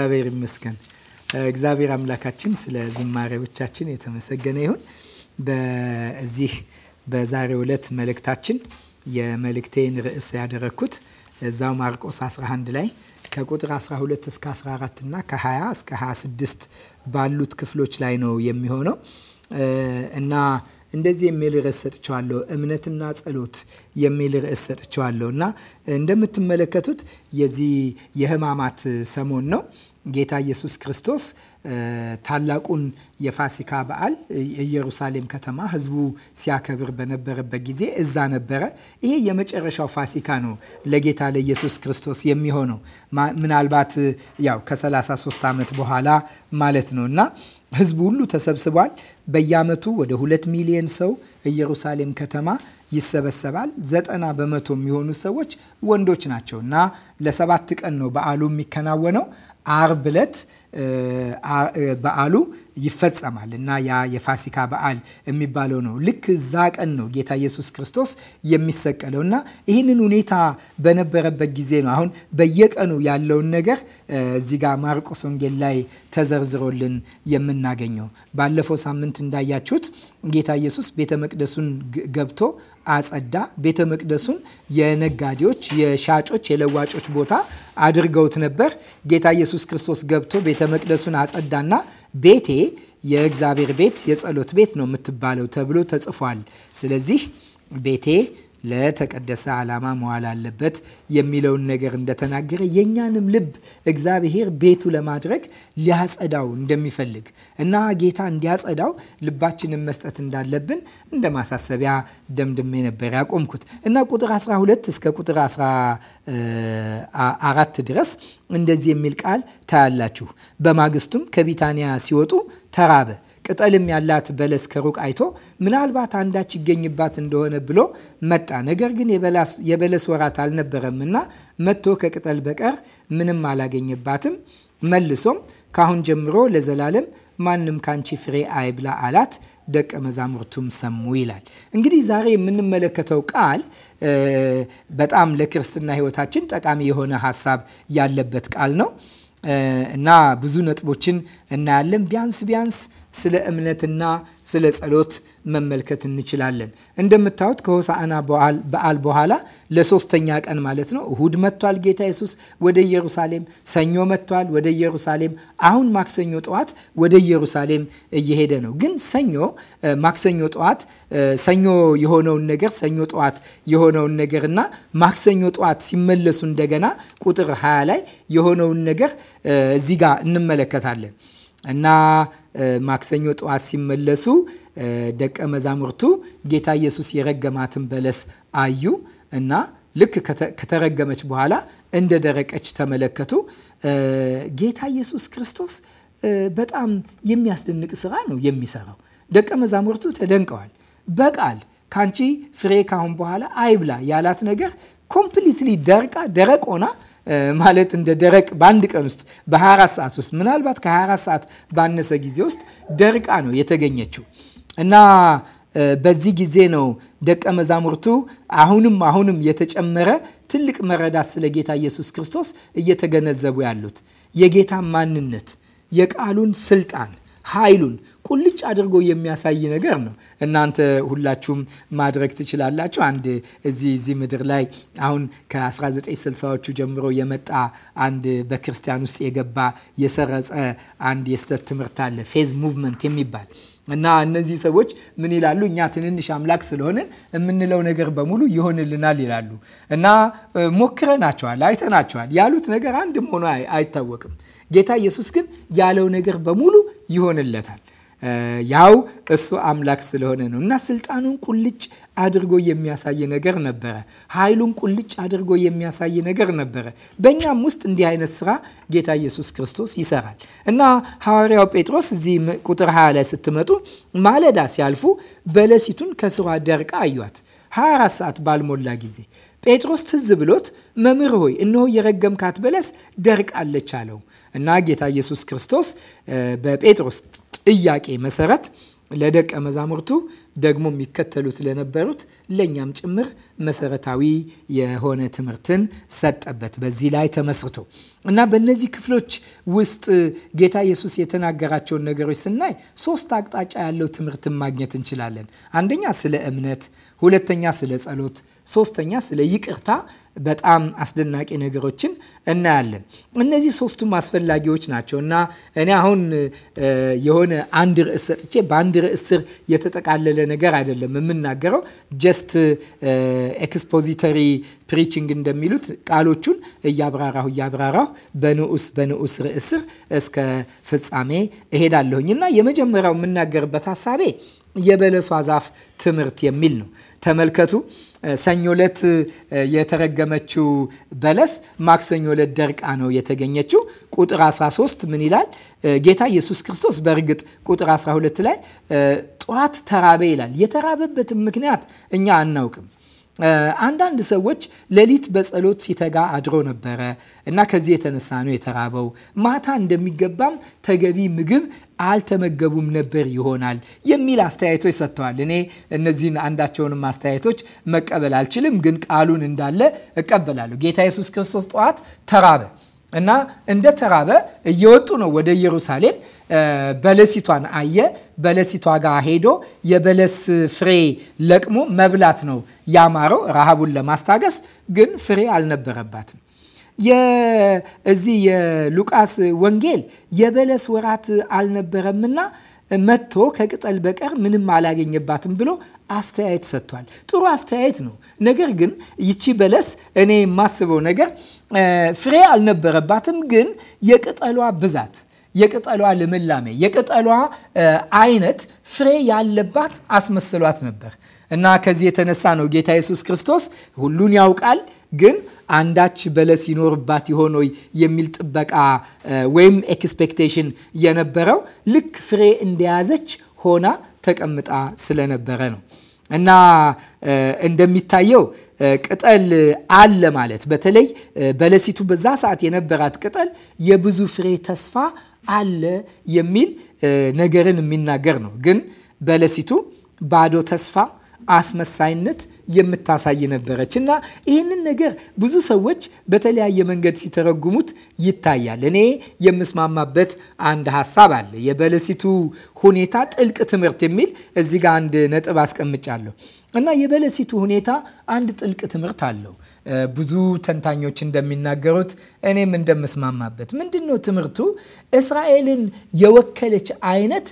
እግዚአብሔር ይመስገን። እግዚአብሔር አምላካችን ስለ ዝማሬዎቻችን የተመሰገነ ይሁን። በዚህ በዛሬው ዕለት መልእክታችን የመልእክቴን ርዕስ ያደረግኩት እዛው ማርቆስ 11 ላይ ከቁጥር 12 እስከ 14 እና ከ20 እስከ 26 ባሉት ክፍሎች ላይ ነው የሚሆነው እና እንደዚህ የሚል ርዕስ ሰጥቸዋለሁ። እምነትና ጸሎት የሚል ርዕስ ሰጥቸዋለሁ እና እንደምትመለከቱት የዚህ የህማማት ሰሞን ነው። ጌታ ኢየሱስ ክርስቶስ ታላቁን የፋሲካ በዓል ኢየሩሳሌም ከተማ ህዝቡ ሲያከብር በነበረበት ጊዜ እዛ ነበረ። ይሄ የመጨረሻው ፋሲካ ነው ለጌታ ለኢየሱስ ክርስቶስ የሚሆነው ምናልባት ያው ከ33 ዓመት በኋላ ማለት ነው እና ህዝቡ ሁሉ ተሰብስቧል። በየአመቱ ወደ ሁለት ሚሊዮን ሰው ኢየሩሳሌም ከተማ ይሰበሰባል። ዘጠና በመቶ የሚሆኑ ሰዎች ወንዶች ናቸው እና ለሰባት ቀን ነው በዓሉ የሚከናወነው። አርብ ዕለት በዓሉ ይፈጸማል እና ያ የፋሲካ በዓል የሚባለው ነው። ልክ እዛ ቀን ነው ጌታ ኢየሱስ ክርስቶስ የሚሰቀለው እና ይህንን ሁኔታ በነበረበት ጊዜ ነው አሁን በየቀኑ ያለውን ነገር እዚህ ጋር ማርቆስ ወንጌል ላይ ተዘርዝሮልን የምናገኘው። ባለፈው ሳምንት እንዳያችሁት ጌታ ኢየሱስ ቤተ መቅደሱን ገብቶ አጸዳ። ቤተ መቅደሱን የነጋዴዎች፣ የሻጮች፣ የለዋጮች ቦታ አድርገውት ነበር። ጌታ ኢየሱስ ክርስቶስ ገብቶ ቤተ መቅደሱን አጸዳና ቤቴ የእግዚአብሔር ቤት የጸሎት ቤት ነው የምትባለው ተብሎ ተጽፏል። ስለዚህ ቤቴ ለተቀደሰ ዓላማ መዋል አለበት የሚለውን ነገር እንደተናገረ የእኛንም ልብ እግዚአብሔር ቤቱ ለማድረግ ሊያጸዳው እንደሚፈልግ እና ጌታ እንዲያጸዳው ልባችንን መስጠት እንዳለብን እንደ ማሳሰቢያ ደምድሜ ነበር ያቆምኩት እና ቁጥር 12 እስከ ቁጥር 14 ድረስ እንደዚህ የሚል ቃል ታያላችሁ። በማግስቱም ከቢታንያ ሲወጡ ተራበ። ቅጠልም ያላት በለስ ከሩቅ አይቶ ምናልባት አንዳች ይገኝባት እንደሆነ ብሎ መጣ። ነገር ግን የበለስ ወራት አልነበረም እና መጥቶ ከቅጠል በቀር ምንም አላገኘባትም። መልሶም ካሁን ጀምሮ ለዘላለም ማንም ካንቺ ፍሬ አይብላ አላት። ደቀ መዛሙርቱም ሰሙ ይላል። እንግዲህ ዛሬ የምንመለከተው ቃል በጣም ለክርስትና ሕይወታችን ጠቃሚ የሆነ ሀሳብ ያለበት ቃል ነው እና ብዙ ነጥቦችን እናያለን። ቢያንስ ቢያንስ ስለ እምነትና ስለ ጸሎት መመልከት እንችላለን። እንደምታዩት ከሆሳዕና በዓል በኋላ ለሶስተኛ ቀን ማለት ነው እሁድ መጥቷል ጌታ ኢየሱስ ወደ ኢየሩሳሌም፣ ሰኞ መጥቷል ወደ ኢየሩሳሌም፣ አሁን ማክሰኞ ጠዋት ወደ ኢየሩሳሌም እየሄደ ነው። ግን ሰኞ ማክሰኞ ጠዋት ሰኞ የሆነውን ነገር ሰኞ ጠዋት የሆነውን ነገር እና ማክሰኞ ጠዋት ሲመለሱ እንደገና ቁጥር 20 ላይ የሆነውን ነገር እዚህ ጋር እንመለከታለን። እና ማክሰኞ ጠዋት ሲመለሱ ደቀ መዛሙርቱ ጌታ ኢየሱስ የረገማትን በለስ አዩ እና ልክ ከተረገመች በኋላ እንደ ደረቀች ተመለከቱ። ጌታ ኢየሱስ ክርስቶስ በጣም የሚያስደንቅ ስራ ነው የሚሰራው። ደቀ መዛሙርቱ ተደንቀዋል። በቃል ካንቺ ፍሬ ካሁን በኋላ አይብላ ያላት ነገር ኮምፕሊትሊ ደርቃ ደረቅ ሆና ማለት እንደ ደረቅ በአንድ ቀን ውስጥ በ24 ሰዓት ውስጥ ምናልባት ከ24 ሰዓት ባነሰ ጊዜ ውስጥ ደርቃ ነው የተገኘችው እና በዚህ ጊዜ ነው ደቀ መዛሙርቱ አሁንም አሁንም የተጨመረ ትልቅ መረዳት ስለ ጌታ ኢየሱስ ክርስቶስ እየተገነዘቡ ያሉት የጌታ ማንነት፣ የቃሉን ስልጣን፣ ኃይሉን ቁልጭ አድርጎ የሚያሳይ ነገር ነው። እናንተ ሁላችሁም ማድረግ ትችላላችሁ። አንድ እዚህ እዚህ ምድር ላይ አሁን ከ1960ዎቹ ጀምሮ የመጣ አንድ በክርስቲያን ውስጥ የገባ የሰረጸ አንድ የስተት ትምህርት አለ ፌዝ ሙቭመንት የሚባል እና እነዚህ ሰዎች ምን ይላሉ? እኛ ትንንሽ አምላክ ስለሆንን የምንለው ነገር በሙሉ ይሆንልናል ይላሉ። እና ሞክረናቸዋል፣ አይተናቸዋል። ያሉት ነገር አንድም ሆኖ አይታወቅም። ጌታ ኢየሱስ ግን ያለው ነገር በሙሉ ይሆንለታል። ያው እሱ አምላክ ስለሆነ ነው እና ስልጣኑን ቁልጭ አድርጎ የሚያሳይ ነገር ነበረ። ኃይሉን ቁልጭ አድርጎ የሚያሳይ ነገር ነበረ። በእኛም ውስጥ እንዲህ አይነት ስራ ጌታ ኢየሱስ ክርስቶስ ይሰራል እና ሐዋርያው ጴጥሮስ እዚህ ቁጥር 20 ላይ ስትመጡ ማለዳ ሲያልፉ በለሲቱን ከስሯ ደርቃ አዩት። 24 ሰዓት ባልሞላ ጊዜ ጴጥሮስ ትዝ ብሎት መምህር ሆይ እነሆ የረገምካት በለስ ደርቃለች አለው እና ጌታ ኢየሱስ ክርስቶስ በጴጥሮስ ጥያቄ መሰረት ለደቀ መዛሙርቱ ደግሞ የሚከተሉት ለነበሩት ለእኛም ጭምር መሰረታዊ የሆነ ትምህርትን ሰጠበት በዚህ ላይ ተመስርቶ እና በእነዚህ ክፍሎች ውስጥ ጌታ ኢየሱስ የተናገራቸውን ነገሮች ስናይ ሶስት አቅጣጫ ያለው ትምህርትን ማግኘት እንችላለን። አንደኛ ስለ እምነት፣ ሁለተኛ ስለ ጸሎት፣ ሶስተኛ ስለ ይቅርታ በጣም አስደናቂ ነገሮችን እናያለን። እነዚህ ሶስቱም አስፈላጊዎች ናቸው እና እኔ አሁን የሆነ አንድ ርዕስ ሰጥቼ በአንድ ርዕስ ስር የተጠቃለለ ነገር አይደለም የምናገረው። ጀስት ኤክስፖዚተሪ ፕሪችንግ እንደሚሉት ቃሎቹን እያብራራሁ እያብራራሁ በንዑስ በንዑስ ርዕስ ስር እስከ ፍጻሜ እሄዳለሁኝ እና የመጀመሪያው የምናገርበት ሀሳቤ የበለሷ ዛፍ ትምህርት የሚል ነው። ተመልከቱ ሰኞ ዕለት የተረገመችው በለስ ማክሰኞ ዕለት ደርቃ ነው የተገኘችው። ቁጥር 13 ምን ይላል? ጌታ ኢየሱስ ክርስቶስ በእርግጥ ቁጥር 12 ላይ ጠዋት ተራበ ይላል። የተራበበትም ምክንያት እኛ አናውቅም። አንዳንድ ሰዎች ሌሊት በጸሎት ሲተጋ አድሮ ነበረ እና ከዚህ የተነሳ ነው የተራበው። ማታ እንደሚገባም ተገቢ ምግብ አልተመገቡም ነበር ይሆናል የሚል አስተያየቶች ሰጥተዋል። እኔ እነዚህን አንዳቸውንም አስተያየቶች መቀበል አልችልም፣ ግን ቃሉን እንዳለ እቀበላለሁ። ጌታ ኢየሱስ ክርስቶስ ጠዋት ተራበ። እና እንደ ተራበ እየወጡ ነው ወደ ኢየሩሳሌም። በለሲቷን አየ። በለሲቷ ጋር ሄዶ የበለስ ፍሬ ለቅሞ መብላት ነው ያማረው ረሃቡን ለማስታገስ። ግን ፍሬ አልነበረባትም። እዚህ የሉቃስ ወንጌል የበለስ ወራት አልነበረምና መጥቶ ከቅጠል በቀር ምንም አላገኘባትም ብሎ አስተያየት ሰጥቷል። ጥሩ አስተያየት ነው። ነገር ግን ይቺ በለስ እኔ የማስበው ነገር ፍሬ አልነበረባትም፣ ግን የቅጠሏ ብዛት የቅጠሏ ልምላሜ የቅጠሏ አይነት ፍሬ ያለባት አስመስሏት ነበር እና ከዚህ የተነሳ ነው ጌታ ኢየሱስ ክርስቶስ ሁሉን ያውቃል ግን አንዳች በለስ ይኖርባት ይሆን የሚል ጥበቃ ወይም ኤክስፔክቴሽን የነበረው ልክ ፍሬ እንደያዘች ሆና ተቀምጣ ስለነበረ ነው። እና እንደሚታየው ቅጠል አለ ማለት በተለይ በለሲቱ በዛ ሰዓት የነበራት ቅጠል የብዙ ፍሬ ተስፋ አለ የሚል ነገርን የሚናገር ነው። ግን በለሲቱ ባዶ ተስፋ፣ አስመሳይነት የምታሳይ ነበረች እና ይህንን ነገር ብዙ ሰዎች በተለያየ መንገድ ሲተረጉሙት ይታያል። እኔ የምስማማበት አንድ ሀሳብ አለ። የበለሲቱ ሁኔታ ጥልቅ ትምህርት የሚል እዚህ ጋር አንድ ነጥብ አስቀምጫለሁ እና የበለሲቱ ሁኔታ አንድ ጥልቅ ትምህርት አለው። ብዙ ተንታኞች እንደሚናገሩት እኔም እንደምስማማበት ምንድን ነው ትምህርቱ? እስራኤልን የወከለች አይነት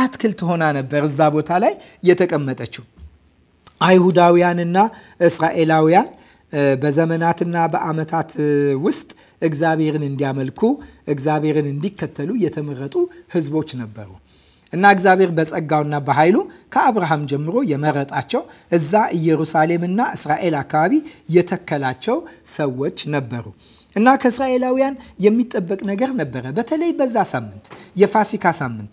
አትክልት ሆና ነበር እዛ ቦታ ላይ የተቀመጠችው። አይሁዳውያንና እስራኤላውያን በዘመናትና በዓመታት ውስጥ እግዚአብሔርን እንዲያመልኩ እግዚአብሔርን እንዲከተሉ የተመረጡ ህዝቦች ነበሩ እና እግዚአብሔር በጸጋውና በኃይሉ ከአብርሃም ጀምሮ የመረጣቸው እዛ ኢየሩሳሌምና እስራኤል አካባቢ የተከላቸው ሰዎች ነበሩ እና ከእስራኤላውያን የሚጠበቅ ነገር ነበረ። በተለይ በዛ ሳምንት የፋሲካ ሳምንት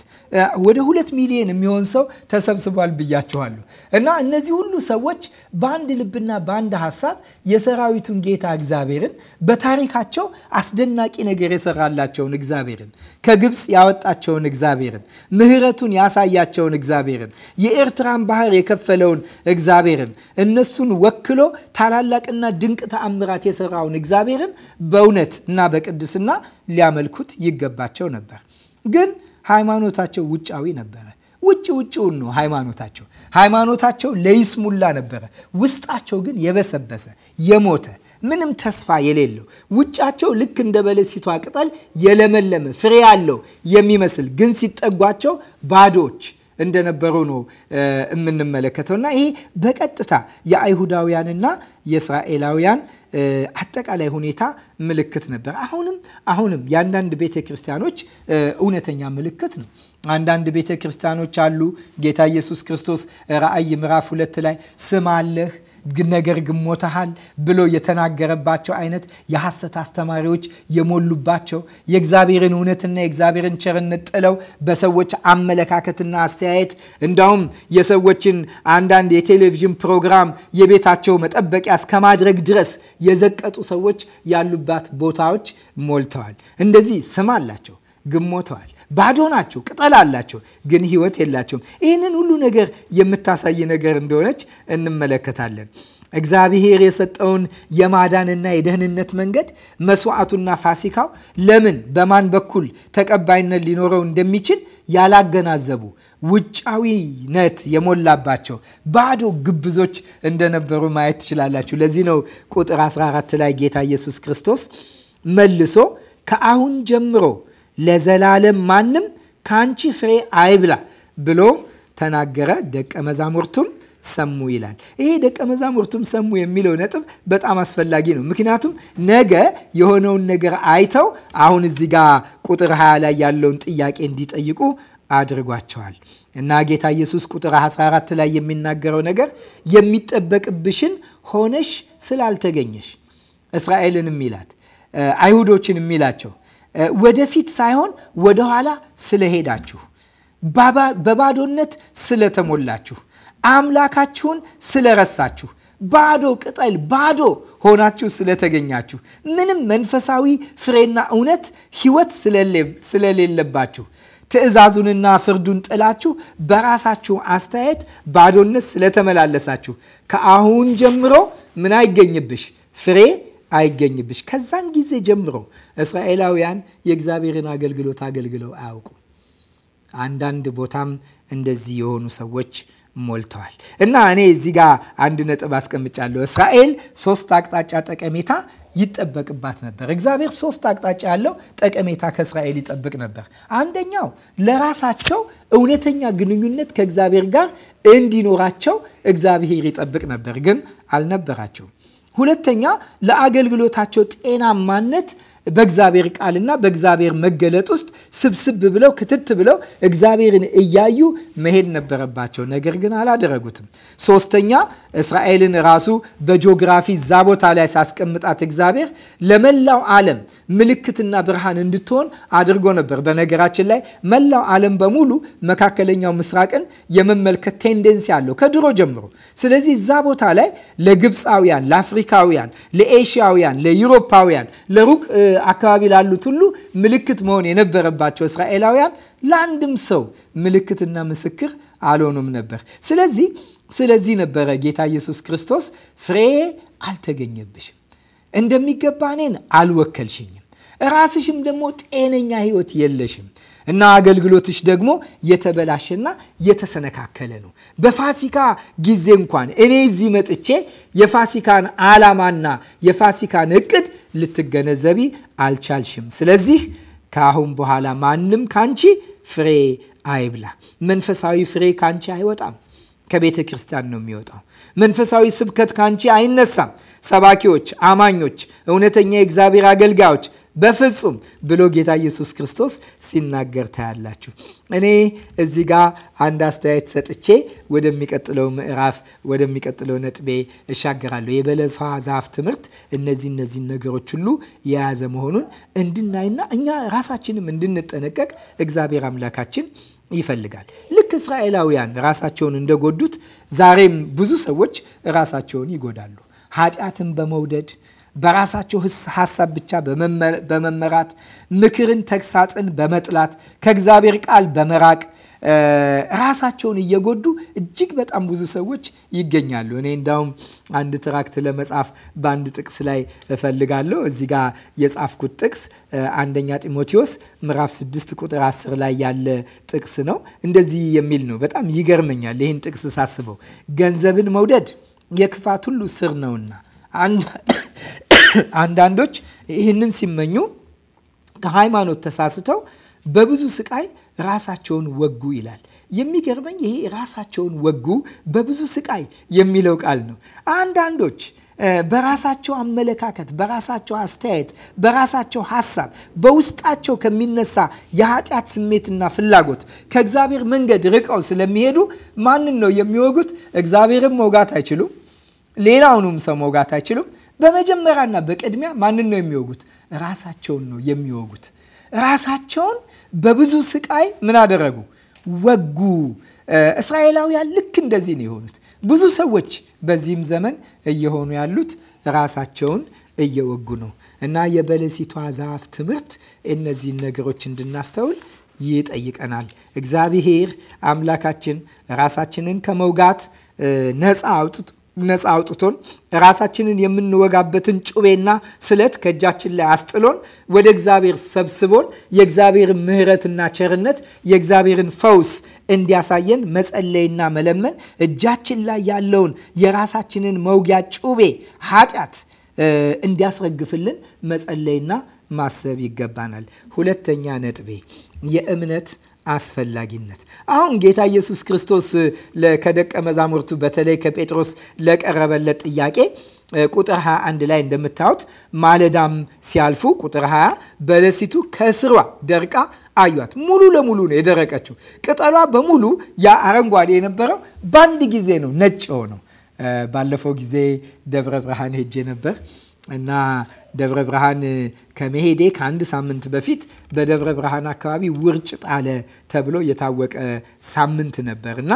ወደ ሁለት ሚሊዮን የሚሆን ሰው ተሰብስቧል ብያችኋለሁ። እና እነዚህ ሁሉ ሰዎች በአንድ ልብና በአንድ ሀሳብ የሰራዊቱን ጌታ እግዚአብሔርን በታሪካቸው አስደናቂ ነገር የሰራላቸውን እግዚአብሔርን፣ ከግብፅ ያወጣቸውን እግዚአብሔርን፣ ምሕረቱን ያሳያቸውን እግዚአብሔርን፣ የኤርትራን ባህር የከፈለውን እግዚአብሔርን፣ እነሱን ወክሎ ታላላቅና ድንቅ ተአምራት የሰራውን እግዚአብሔርን በእውነት እና በቅድስና ሊያመልኩት ይገባቸው ነበር ግን ሃይማኖታቸው ውጫዊ ነበረ። ውጭ ውጭውን ነው ሃይማኖታቸው። ሃይማኖታቸው ለይስሙላ ነበረ። ውስጣቸው ግን የበሰበሰ የሞተ ምንም ተስፋ የሌለው ውጫቸው ልክ እንደ በለሲቷ ቅጠል የለመለመ ፍሬ ያለው የሚመስል ግን ሲጠጓቸው ባዶች። እንደነበሩ ነው የምንመለከተው እና ይሄ በቀጥታ የአይሁዳውያንና የእስራኤላውያን አጠቃላይ ሁኔታ ምልክት ነበር። አሁንም አሁንም የአንዳንድ ቤተ ክርስቲያኖች እውነተኛ ምልክት ነው። አንዳንድ ቤተ ክርስቲያኖች አሉ ጌታ ኢየሱስ ክርስቶስ ራእይ ምዕራፍ ሁለት ላይ ስም አለህ ነገር ግሞተሃል ብሎ የተናገረባቸው አይነት የሐሰት አስተማሪዎች የሞሉባቸው የእግዚአብሔርን እውነትና የእግዚአብሔርን ቸርነት ጥለው በሰዎች አመለካከትና አስተያየት እንዳውም የሰዎችን አንዳንድ የቴሌቪዥን ፕሮግራም የቤታቸው መጠበቂያ እስከማድረግ ድረስ የዘቀጡ ሰዎች ያሉባት ቦታዎች ሞልተዋል። እንደዚህ ስም አላቸው፣ ግሞተዋል። ባዶ ናቸው፣ ቅጠል አላቸው፣ ግን ህይወት የላቸውም። ይህንን ሁሉ ነገር የምታሳይ ነገር እንደሆነች እንመለከታለን። እግዚአብሔር የሰጠውን የማዳንና የደህንነት መንገድ መስዋዕቱና ፋሲካው ለምን በማን በኩል ተቀባይነት ሊኖረው እንደሚችል ያላገናዘቡ ውጫዊነት የሞላባቸው ባዶ ግብዞች እንደነበሩ ማየት ትችላላችሁ። ለዚህ ነው ቁጥር 14 ላይ ጌታ ኢየሱስ ክርስቶስ መልሶ ከአሁን ጀምሮ ለዘላለም ማንም ከአንቺ ፍሬ አይብላ ብሎ ተናገረ። ደቀ መዛሙርቱም ሰሙ ይላል። ይሄ ደቀ መዛሙርቱም ሰሙ የሚለው ነጥብ በጣም አስፈላጊ ነው። ምክንያቱም ነገ የሆነውን ነገር አይተው አሁን እዚህ ጋር ቁጥር 20 ላይ ያለውን ጥያቄ እንዲጠይቁ አድርጓቸዋል እና ጌታ ኢየሱስ ቁጥር 14 ላይ የሚናገረው ነገር የሚጠበቅብሽን ሆነሽ ስላልተገኘሽ እስራኤልን የሚላት አይሁዶችን የሚላቸው ወደፊት ሳይሆን ወደኋላ ስለሄዳችሁ፣ በባዶነት ስለተሞላችሁ፣ አምላካችሁን ስለረሳችሁ፣ ባዶ ቅጠል ባዶ ሆናችሁ ስለተገኛችሁ፣ ምንም መንፈሳዊ ፍሬና እውነት ህይወት ስለሌለባችሁ ትእዛዙንና ፍርዱን ጥላችሁ በራሳችሁ አስተያየት ባዶነት ስለተመላለሳችሁ ከአሁን ጀምሮ ምን አይገኝብሽ ፍሬ አይገኝብሽ። ከዛን ጊዜ ጀምሮ እስራኤላውያን የእግዚአብሔርን አገልግሎት አገልግለው አያውቁም። አንዳንድ ቦታም እንደዚህ የሆኑ ሰዎች ሞልተዋል። እና እኔ እዚህ ጋር አንድ ነጥብ አስቀምጫለሁ። እስራኤል ሶስት አቅጣጫ ጠቀሜታ ይጠበቅባት ነበር። እግዚአብሔር ሶስት አቅጣጫ ያለው ጠቀሜታ ከእስራኤል ይጠብቅ ነበር። አንደኛው ለራሳቸው እውነተኛ ግንኙነት ከእግዚአብሔር ጋር እንዲኖራቸው እግዚአብሔር ይጠብቅ ነበር፣ ግን አልነበራቸውም። ሁለተኛ ለአገልግሎታቸው ጤናማነት በእግዚአብሔር ቃልና በእግዚአብሔር መገለጥ ውስጥ ስብስብ ብለው ክትት ብለው እግዚአብሔርን እያዩ መሄድ ነበረባቸው። ነገር ግን አላደረጉትም። ሶስተኛ እስራኤልን ራሱ በጂኦግራፊ እዛ ቦታ ላይ ሳስቀምጣት እግዚአብሔር ለመላው ዓለም ምልክትና ብርሃን እንድትሆን አድርጎ ነበር። በነገራችን ላይ መላው ዓለም በሙሉ መካከለኛው ምስራቅን የመመልከት ቴንደንሲ አለው ከድሮ ጀምሮ። ስለዚህ እዛ ቦታ ላይ ለግብፃውያን፣ ለአፍሪካውያን፣ ለኤሽያውያን፣ ለዩሮፓውያን፣ ለሩቅ አካባቢ ላሉት ሁሉ ምልክት መሆን የነበረባቸው እስራኤላውያን ለአንድም ሰው ምልክትና ምስክር አልሆኑም ነበር። ስለዚህ ስለዚህ ነበረ ጌታ ኢየሱስ ክርስቶስ ፍሬ አልተገኘብሽም፣ እንደሚገባ እኔን አልወከልሽኝም፣ ራስሽም ደግሞ ጤነኛ ህይወት የለሽም እና አገልግሎትሽ ደግሞ የተበላሸና የተሰነካከለ ነው። በፋሲካ ጊዜ እንኳን እኔ እዚህ መጥቼ የፋሲካን ዓላማና የፋሲካን እቅድ ልትገነዘቢ አልቻልሽም። ስለዚህ ከአሁን በኋላ ማንም ካንቺ ፍሬ አይብላ። መንፈሳዊ ፍሬ ካንቺ አይወጣም። ከቤተ ክርስቲያን ነው የሚወጣው። መንፈሳዊ ስብከት ካንቺ አይነሳም። ሰባኪዎች፣ አማኞች፣ እውነተኛ የእግዚአብሔር አገልጋዮች በፍጹም ብሎ ጌታ ኢየሱስ ክርስቶስ ሲናገር ታያላችሁ። እኔ እዚህ ጋር አንድ አስተያየት ሰጥቼ ወደሚቀጥለው ምዕራፍ ወደሚቀጥለው ነጥቤ እሻገራለሁ። የበለሷ ዛፍ ትምህርት እነዚህ እነዚህን ነገሮች ሁሉ የያዘ መሆኑን እንድናይና እኛ ራሳችንም እንድንጠነቀቅ እግዚአብሔር አምላካችን ይፈልጋል። ልክ እስራኤላውያን ራሳቸውን እንደጎዱት ዛሬም ብዙ ሰዎች ራሳቸውን ይጎዳሉ። ኃጢአትን በመውደድ በራሳቸው ሀሳብ ብቻ በመመራት ምክርን፣ ተግሳጽን በመጥላት ከእግዚአብሔር ቃል በመራቅ ራሳቸውን እየጎዱ እጅግ በጣም ብዙ ሰዎች ይገኛሉ። እኔ እንዳውም አንድ ትራክት ለመጻፍ በአንድ ጥቅስ ላይ እፈልጋለሁ። እዚህ ጋር የጻፍኩት ጥቅስ አንደኛ ጢሞቴዎስ ምዕራፍ 6 ቁጥር 10 ላይ ያለ ጥቅስ ነው። እንደዚህ የሚል ነው። በጣም ይገርመኛል ይህን ጥቅስ ሳስበው። ገንዘብን መውደድ የክፋት ሁሉ ስር ነውና አንዳንዶች ይህንን ሲመኙ ከሃይማኖት ተሳስተው በብዙ ስቃይ ራሳቸውን ወጉ ይላል። የሚገርመኝ ይሄ ራሳቸውን ወጉ በብዙ ስቃይ የሚለው ቃል ነው። አንዳንዶች በራሳቸው አመለካከት፣ በራሳቸው አስተያየት፣ በራሳቸው ሀሳብ፣ በውስጣቸው ከሚነሳ የኃጢአት ስሜትና ፍላጎት ከእግዚአብሔር መንገድ ርቀው ስለሚሄዱ ማንን ነው የሚወጉት? እግዚአብሔርን መውጋት አይችሉም። ሌላውንም ሰው መውጋት አይችሉም። በመጀመሪያና በቅድሚያ ማንን ነው የሚወጉት? ራሳቸውን ነው የሚወጉት። ራሳቸውን በብዙ ስቃይ ምን አደረጉ? ወጉ። እስራኤላውያን ልክ እንደዚህ ነው የሆኑት። ብዙ ሰዎች በዚህም ዘመን እየሆኑ ያሉት ራሳቸውን እየወጉ ነው እና የበለሲቷ ዛፍ ትምህርት እነዚህን ነገሮች እንድናስተውል ይጠይቀናል። እግዚአብሔር አምላካችን ራሳችንን ከመውጋት ነፃ አውጥቶ ነፃ አውጥቶን ራሳችንን የምንወጋበትን ጩቤና ስለት ከእጃችን ላይ አስጥሎን ወደ እግዚአብሔር ሰብስቦን የእግዚአብሔርን ምሕረትና ቸርነት የእግዚአብሔርን ፈውስ እንዲያሳየን መጸለይና መለመን እጃችን ላይ ያለውን የራሳችንን መውጊያ ጩቤ ኃጢአት እንዲያስረግፍልን መጸለይና ማሰብ ይገባናል። ሁለተኛ ነጥቤ የእምነት አስፈላጊነት አሁን ጌታ ኢየሱስ ክርስቶስ ከደቀ መዛሙርቱ በተለይ ከጴጥሮስ ለቀረበለት ጥያቄ ቁጥር 21 ላይ እንደምታዩት ማለዳም ሲያልፉ ቁጥር 20 በለሲቱ ከስሯ ደርቃ አዩት። ሙሉ ለሙሉ ነው የደረቀችው። ቅጠሏ በሙሉ ያ አረንጓዴ የነበረው በአንድ ጊዜ ነው ነጭ የሆነው። ባለፈው ጊዜ ደብረ ብርሃን ሄጄ ነበር እና ደብረ ብርሃን ከመሄዴ ከአንድ ሳምንት በፊት በደብረ ብርሃን አካባቢ ውርጭ ጣለ ተብሎ የታወቀ ሳምንት ነበር እና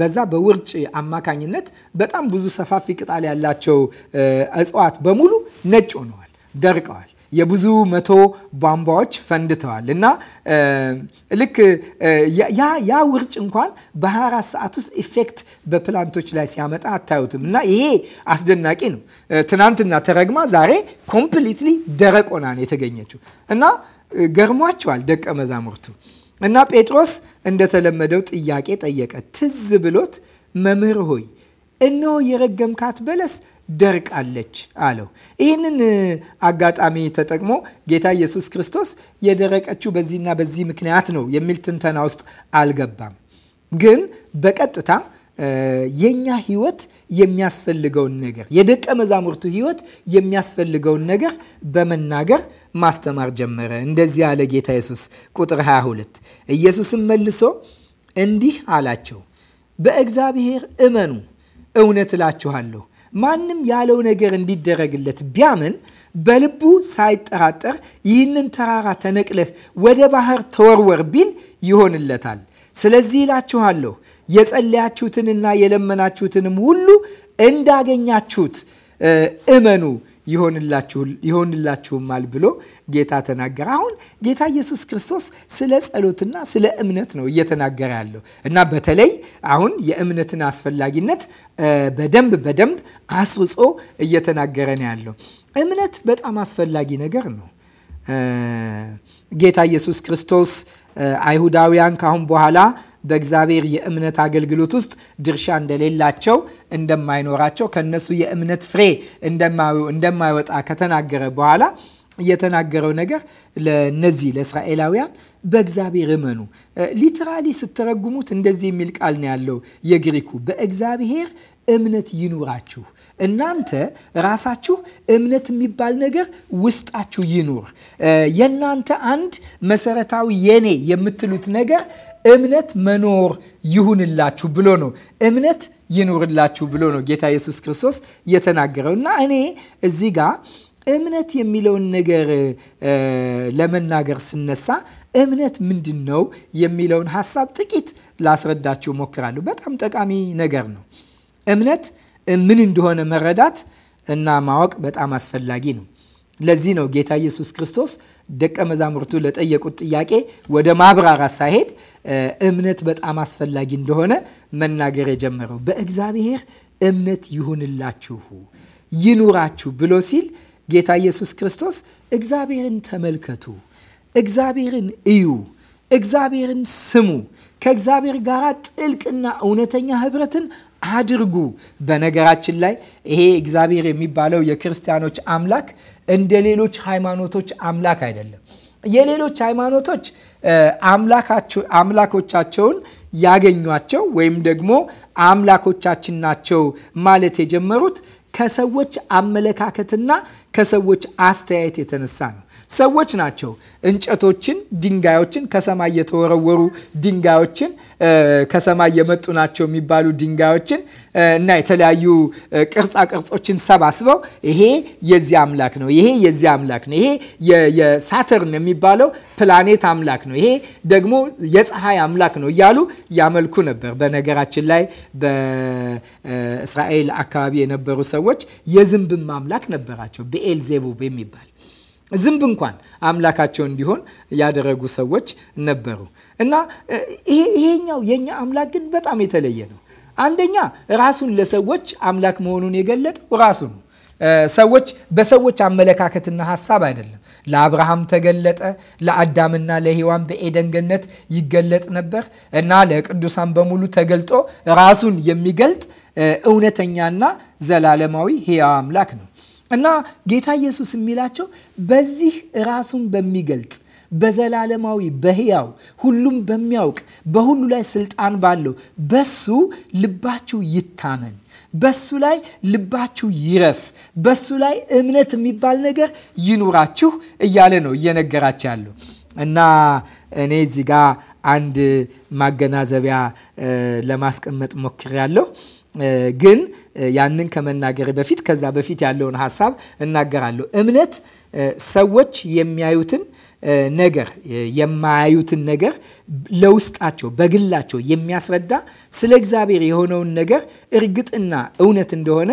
በዛ በውርጭ አማካኝነት በጣም ብዙ ሰፋፊ ቅጠል ያላቸው እጽዋት በሙሉ ነጭ ሆነዋል፣ ደርቀዋል። የብዙ መቶ ቧንቧዎች ፈንድተዋል እና ልክ ያ ያ ውርጭ እንኳን በ24 ሰዓት ውስጥ ኢፌክት በፕላንቶች ላይ ሲያመጣ አታዩትም። እና ይሄ አስደናቂ ነው። ትናንትና ተረግማ ዛሬ ኮምፕሊትሊ ደረቅ ሆና ነው የተገኘችው እና ገርሟቸዋል ደቀ መዛሙርቱ እና ጴጥሮስ እንደተለመደው ጥያቄ ጠየቀ። ትዝ ብሎት መምህር ሆይ እነሆ የረገምካት በለስ ደርቃለች አለው። ይህንን አጋጣሚ ተጠቅሞ ጌታ ኢየሱስ ክርስቶስ የደረቀችው በዚህና በዚህ ምክንያት ነው የሚል ትንተና ውስጥ አልገባም። ግን በቀጥታ የኛ ህይወት የሚያስፈልገውን ነገር የደቀ መዛሙርቱ ህይወት የሚያስፈልገውን ነገር በመናገር ማስተማር ጀመረ። እንደዚህ ያለ ጌታ ኢየሱስ ቁጥር 22 ኢየሱስም መልሶ እንዲህ አላቸው፣ በእግዚአብሔር እመኑ፣ እውነት እላችኋለሁ ማንም ያለው ነገር እንዲደረግለት ቢያምን በልቡ ሳይጠራጠር ይህንን ተራራ ተነቅለህ ወደ ባህር ተወርወር ቢል ይሆንለታል። ስለዚህ እላችኋለሁ የጸለያችሁትንና የለመናችሁትንም ሁሉ እንዳገኛችሁት እመኑ ይሆንላችሁማል ብሎ ጌታ ተናገረ። አሁን ጌታ ኢየሱስ ክርስቶስ ስለ ጸሎትና ስለ እምነት ነው እየተናገረ ያለው እና በተለይ አሁን የእምነትን አስፈላጊነት በደንብ በደንብ አስርጾ እየተናገረ ነው ያለው። እምነት በጣም አስፈላጊ ነገር ነው። ጌታ ኢየሱስ ክርስቶስ አይሁዳውያን ካሁን በኋላ በእግዚአብሔር የእምነት አገልግሎት ውስጥ ድርሻ እንደሌላቸው፣ እንደማይኖራቸው፣ ከነሱ የእምነት ፍሬ እንደማይወጣ ከተናገረ በኋላ የተናገረው ነገር ለነዚህ ለእስራኤላውያን በእግዚአብሔር እመኑ። ሊትራሊ ስትረጉሙት እንደዚህ የሚል ቃል ነው ያለው የግሪኩ በእግዚአብሔር እምነት ይኑራችሁ። እናንተ ራሳችሁ እምነት የሚባል ነገር ውስጣችሁ ይኑር። የእናንተ አንድ መሰረታዊ የኔ የምትሉት ነገር እምነት መኖር ይሁንላችሁ ብሎ ነው። እምነት ይኑርላችሁ ብሎ ነው ጌታ ኢየሱስ ክርስቶስ የተናገረው እና እኔ እዚህ ጋር እምነት የሚለውን ነገር ለመናገር ስነሳ እምነት ምንድን ነው የሚለውን ሀሳብ ጥቂት ላስረዳችሁ ሞክራለሁ። በጣም ጠቃሚ ነገር ነው። እምነት ምን እንደሆነ መረዳት እና ማወቅ በጣም አስፈላጊ ነው። ለዚህ ነው ጌታ ኢየሱስ ክርስቶስ ደቀ መዛሙርቱ ለጠየቁት ጥያቄ ወደ ማብራራት ሳይሄድ እምነት በጣም አስፈላጊ እንደሆነ መናገር የጀመረው። በእግዚአብሔር እምነት ይሁንላችሁ ይኑራችሁ ብሎ ሲል ጌታ ኢየሱስ ክርስቶስ እግዚአብሔርን ተመልከቱ፣ እግዚአብሔርን እዩ፣ እግዚአብሔርን ስሙ፣ ከእግዚአብሔር ጋር ጥልቅና እውነተኛ ህብረትን አድርጉ። በነገራችን ላይ ይሄ እግዚአብሔር የሚባለው የክርስቲያኖች አምላክ እንደ ሌሎች ሃይማኖቶች አምላክ አይደለም። የሌሎች ሃይማኖቶች አምላኮቻቸውን ያገኟቸው ወይም ደግሞ አምላኮቻችን ናቸው ማለት የጀመሩት ከሰዎች አመለካከትና ከሰዎች አስተያየት የተነሳ ነው። ሰዎች ናቸው። እንጨቶችን፣ ድንጋዮችን ከሰማይ የተወረወሩ ድንጋዮችን ከሰማይ የመጡ ናቸው የሚባሉ ድንጋዮችን እና የተለያዩ ቅርጻ ቅርጾችን ሰባስበው ይሄ የዚህ አምላክ ነው፣ ይሄ የዚህ አምላክ ነው፣ ይሄ የሳተርን የሚባለው ፕላኔት አምላክ ነው፣ ይሄ ደግሞ የፀሐይ አምላክ ነው እያሉ ያመልኩ ነበር። በነገራችን ላይ በእስራኤል አካባቢ የነበሩ ሰዎች የዝንብም አምላክ ነበራቸው ብኤል ዜቡብ የሚባል ዝንብ እንኳን አምላካቸው እንዲሆን ያደረጉ ሰዎች ነበሩ እና ይሄኛው የእኛ አምላክ ግን በጣም የተለየ ነው። አንደኛ ራሱን ለሰዎች አምላክ መሆኑን የገለጠው ራሱ ነው። ሰዎች በሰዎች አመለካከትና ሀሳብ አይደለም። ለአብርሃም ተገለጠ። ለአዳምና ለሔዋን በኤደን ገነት ይገለጥ ነበር እና ለቅዱሳን በሙሉ ተገልጦ ራሱን የሚገልጥ እውነተኛና ዘላለማዊ ሕያው አምላክ ነው። እና ጌታ ኢየሱስ የሚላቸው በዚህ ራሱን በሚገልጥ በዘላለማዊ በህያው ሁሉም በሚያውቅ በሁሉ ላይ ስልጣን ባለው በሱ ልባችሁ ይታመን፣ በሱ ላይ ልባችሁ ይረፍ፣ በሱ ላይ እምነት የሚባል ነገር ይኑራችሁ እያለ ነው እየነገራቸው ያለው እና እኔ እዚህ አንድ ማገናዘቢያ ለማስቀመጥ ሞክሬያለሁ። ግን ያንን ከመናገር በፊት ከዛ በፊት ያለውን ሀሳብ እናገራለሁ። እምነት ሰዎች የሚያዩትን ነገር የማያዩትን ነገር ለውስጣቸው በግላቸው የሚያስረዳ ስለ እግዚአብሔር የሆነውን ነገር እርግጥና እውነት እንደሆነ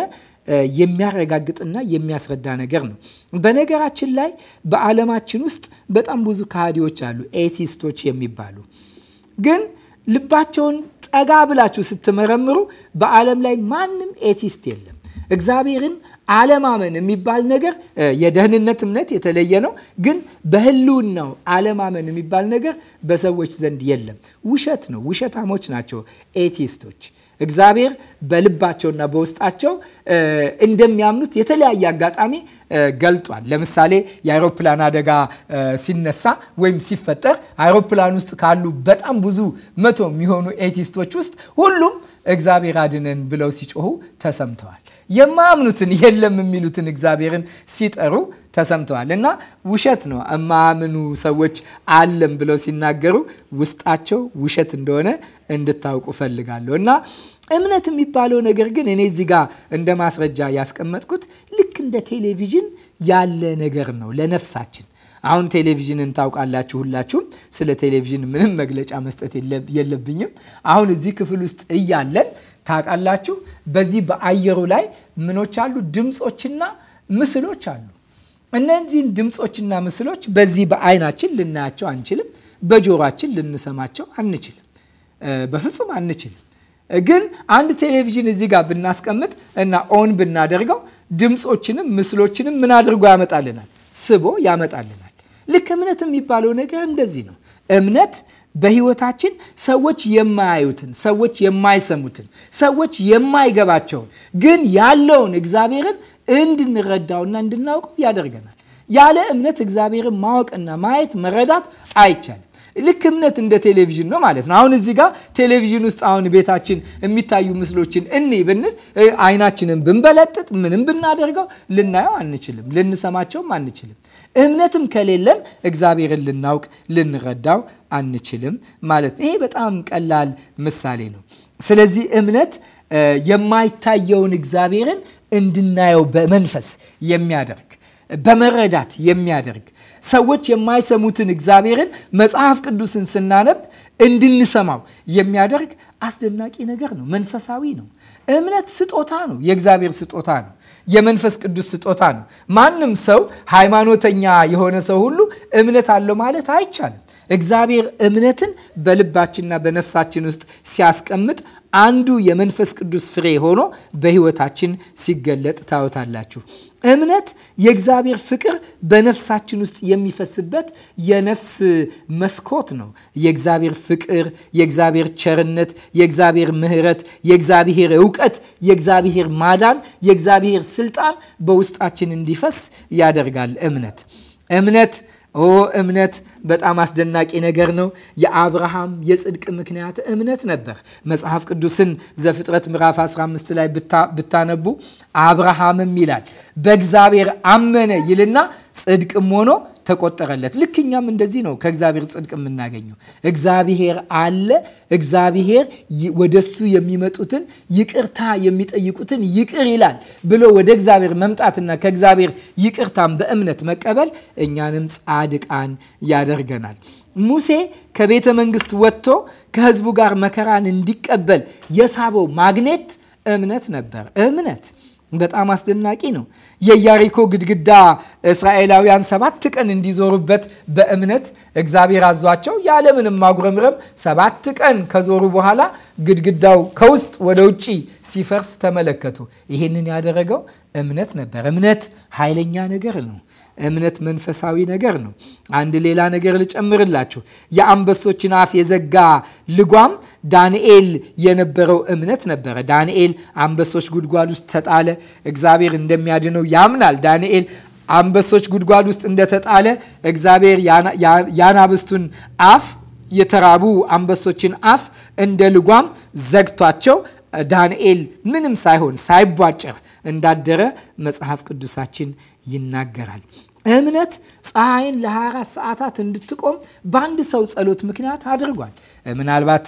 የሚያረጋግጥና የሚያስረዳ ነገር ነው። በነገራችን ላይ በዓለማችን ውስጥ በጣም ብዙ ከሃዲዎች አሉ፣ ኤቲስቶች የሚባሉ ግን ልባቸውን ጠጋ ብላችሁ ስትመረምሩ በዓለም ላይ ማንም ኤቲስት የለም። እግዚአብሔርን አለማመን የሚባል ነገር የደህንነት እምነት የተለየ ነው፣ ግን በህልውናው አለማመን የሚባል ነገር በሰዎች ዘንድ የለም። ውሸት ነው። ውሸታሞች ናቸው ኤቲስቶች። እግዚአብሔር በልባቸውና በውስጣቸው እንደሚያምኑት የተለያየ አጋጣሚ ገልጧል። ለምሳሌ የአይሮፕላን አደጋ ሲነሳ ወይም ሲፈጠር አይሮፕላን ውስጥ ካሉ በጣም ብዙ መቶ የሚሆኑ ኤቲስቶች ውስጥ ሁሉም እግዚአብሔር አድነን ብለው ሲጮሁ ተሰምተዋል። የማያምኑትን የለም የሚሉትን እግዚአብሔርን ሲጠሩ ተሰምተዋል። እና ውሸት ነው የማያምኑ ሰዎች አለም ብለው ሲናገሩ ውስጣቸው ውሸት እንደሆነ እንድታውቁ ፈልጋለሁ። እና እምነት የሚባለው ነገር ግን እኔ እዚህ ጋር እንደ ማስረጃ ያስቀመጥኩት ልክ እንደ ቴሌቪዥን ያለ ነገር ነው ለነፍሳችን አሁን ቴሌቪዥንን ታውቃላችሁ ሁላችሁም። ስለ ቴሌቪዥን ምንም መግለጫ መስጠት የለብኝም። አሁን እዚህ ክፍል ውስጥ እያለን ታውቃላችሁ። በዚህ በአየሩ ላይ ምኖች አሉ? ድምፆችና ምስሎች አሉ። እነዚህን ድምፆችና ምስሎች በዚህ በአይናችን ልናያቸው አንችልም። በጆሯችን ልንሰማቸው አንችልም። በፍጹም አንችልም። ግን አንድ ቴሌቪዥን እዚህ ጋር ብናስቀምጥ እና ኦን ብናደርገው ድምፆችንም ምስሎችንም ምን አድርጎ ያመጣልናል? ስቦ ያመጣልናል። ልክ እምነት የሚባለው ነገር እንደዚህ ነው። እምነት በህይወታችን ሰዎች የማያዩትን፣ ሰዎች የማይሰሙትን፣ ሰዎች የማይገባቸውን ግን ያለውን እግዚአብሔርን እንድንረዳውና እንድናውቀው ያደርገናል። ያለ እምነት እግዚአብሔርን ማወቅና ማየት መረዳት አይቻልም። ልክ እምነት እንደ ቴሌቪዥን ነው ማለት ነው። አሁን እዚህ ጋር ቴሌቪዥን ውስጥ አሁን ቤታችን የሚታዩ ምስሎችን እኔ ብንል አይናችንን ብንበለጥጥ ምንም ብናደርገው ልናየው አንችልም፣ ልንሰማቸውም አንችልም። እምነትም ከሌለን እግዚአብሔርን ልናውቅ ልንረዳው አንችልም ማለት ነው። ይሄ በጣም ቀላል ምሳሌ ነው። ስለዚህ እምነት የማይታየውን እግዚአብሔርን እንድናየው በመንፈስ የሚያደርግ በመረዳት የሚያደርግ ሰዎች የማይሰሙትን እግዚአብሔርን መጽሐፍ ቅዱስን ስናነብ እንድንሰማው የሚያደርግ አስደናቂ ነገር ነው። መንፈሳዊ ነው። እምነት ስጦታ ነው። የእግዚአብሔር ስጦታ ነው። የመንፈስ ቅዱስ ስጦታ ነው። ማንም ሰው ሃይማኖተኛ የሆነ ሰው ሁሉ እምነት አለው ማለት አይቻልም። እግዚአብሔር እምነትን በልባችንና በነፍሳችን ውስጥ ሲያስቀምጥ አንዱ የመንፈስ ቅዱስ ፍሬ ሆኖ በሕይወታችን ሲገለጥ ታዩታላችሁ። እምነት የእግዚአብሔር ፍቅር በነፍሳችን ውስጥ የሚፈስበት የነፍስ መስኮት ነው። የእግዚአብሔር ፍቅር፣ የእግዚአብሔር ቸርነት፣ የእግዚአብሔር ምሕረት፣ የእግዚአብሔር እውቀት፣ የእግዚአብሔር ማዳን፣ የእግዚአብሔር ስልጣን በውስጣችን እንዲፈስ ያደርጋል። እምነት እምነት ኦ እምነት በጣም አስደናቂ ነገር ነው። የአብርሃም የጽድቅ ምክንያት እምነት ነበር። መጽሐፍ ቅዱስን ዘፍጥረት ምዕራፍ 15 ላይ ብታነቡ አብርሃምም ይላል በእግዚአብሔር አመነ ይልና ጽድቅም ሆኖ ተቆጠረለት። ልክ እኛም እንደዚህ ነው ከእግዚአብሔር ጽድቅ የምናገኘው። እግዚአብሔር አለ። እግዚአብሔር ወደሱ የሚመጡትን ይቅርታ የሚጠይቁትን ይቅር ይላል ብሎ ወደ እግዚአብሔር መምጣትና ከእግዚአብሔር ይቅርታን በእምነት መቀበል እኛንም ጻድቃን ያደርገናል። ሙሴ ከቤተ መንግስት ወጥቶ ከህዝቡ ጋር መከራን እንዲቀበል የሳበው ማግኔት እምነት ነበር። እምነት በጣም አስደናቂ ነው። የኢያሪኮ ግድግዳ እስራኤላውያን ሰባት ቀን እንዲዞሩበት በእምነት እግዚአብሔር አዟቸው ያለምንም ማጉረምረም ሰባት ቀን ከዞሩ በኋላ ግድግዳው ከውስጥ ወደ ውጭ ሲፈርስ ተመለከቱ። ይህንን ያደረገው እምነት ነበር። እምነት ኃይለኛ ነገር ነው። እምነት መንፈሳዊ ነገር ነው። አንድ ሌላ ነገር ልጨምርላችሁ። የአንበሶችን አፍ የዘጋ ልጓም ዳንኤል የነበረው እምነት ነበረ። ዳንኤል አንበሶች ጉድጓድ ውስጥ ተጣለ። እግዚአብሔር እንደሚያድነው ያምናል። ዳንኤል አንበሶች ጉድጓድ ውስጥ እንደተጣለ እግዚአብሔር የአናብስቱን አፍ የተራቡ አንበሶችን አፍ እንደ ልጓም ዘግቷቸው ዳንኤል ምንም ሳይሆን ሳይቧጭር እንዳደረ መጽሐፍ ቅዱሳችን ይናገራል። እምነት ፀሐይን ለ24 ሰዓታት እንድትቆም በአንድ ሰው ጸሎት ምክንያት አድርጓል። ምናልባት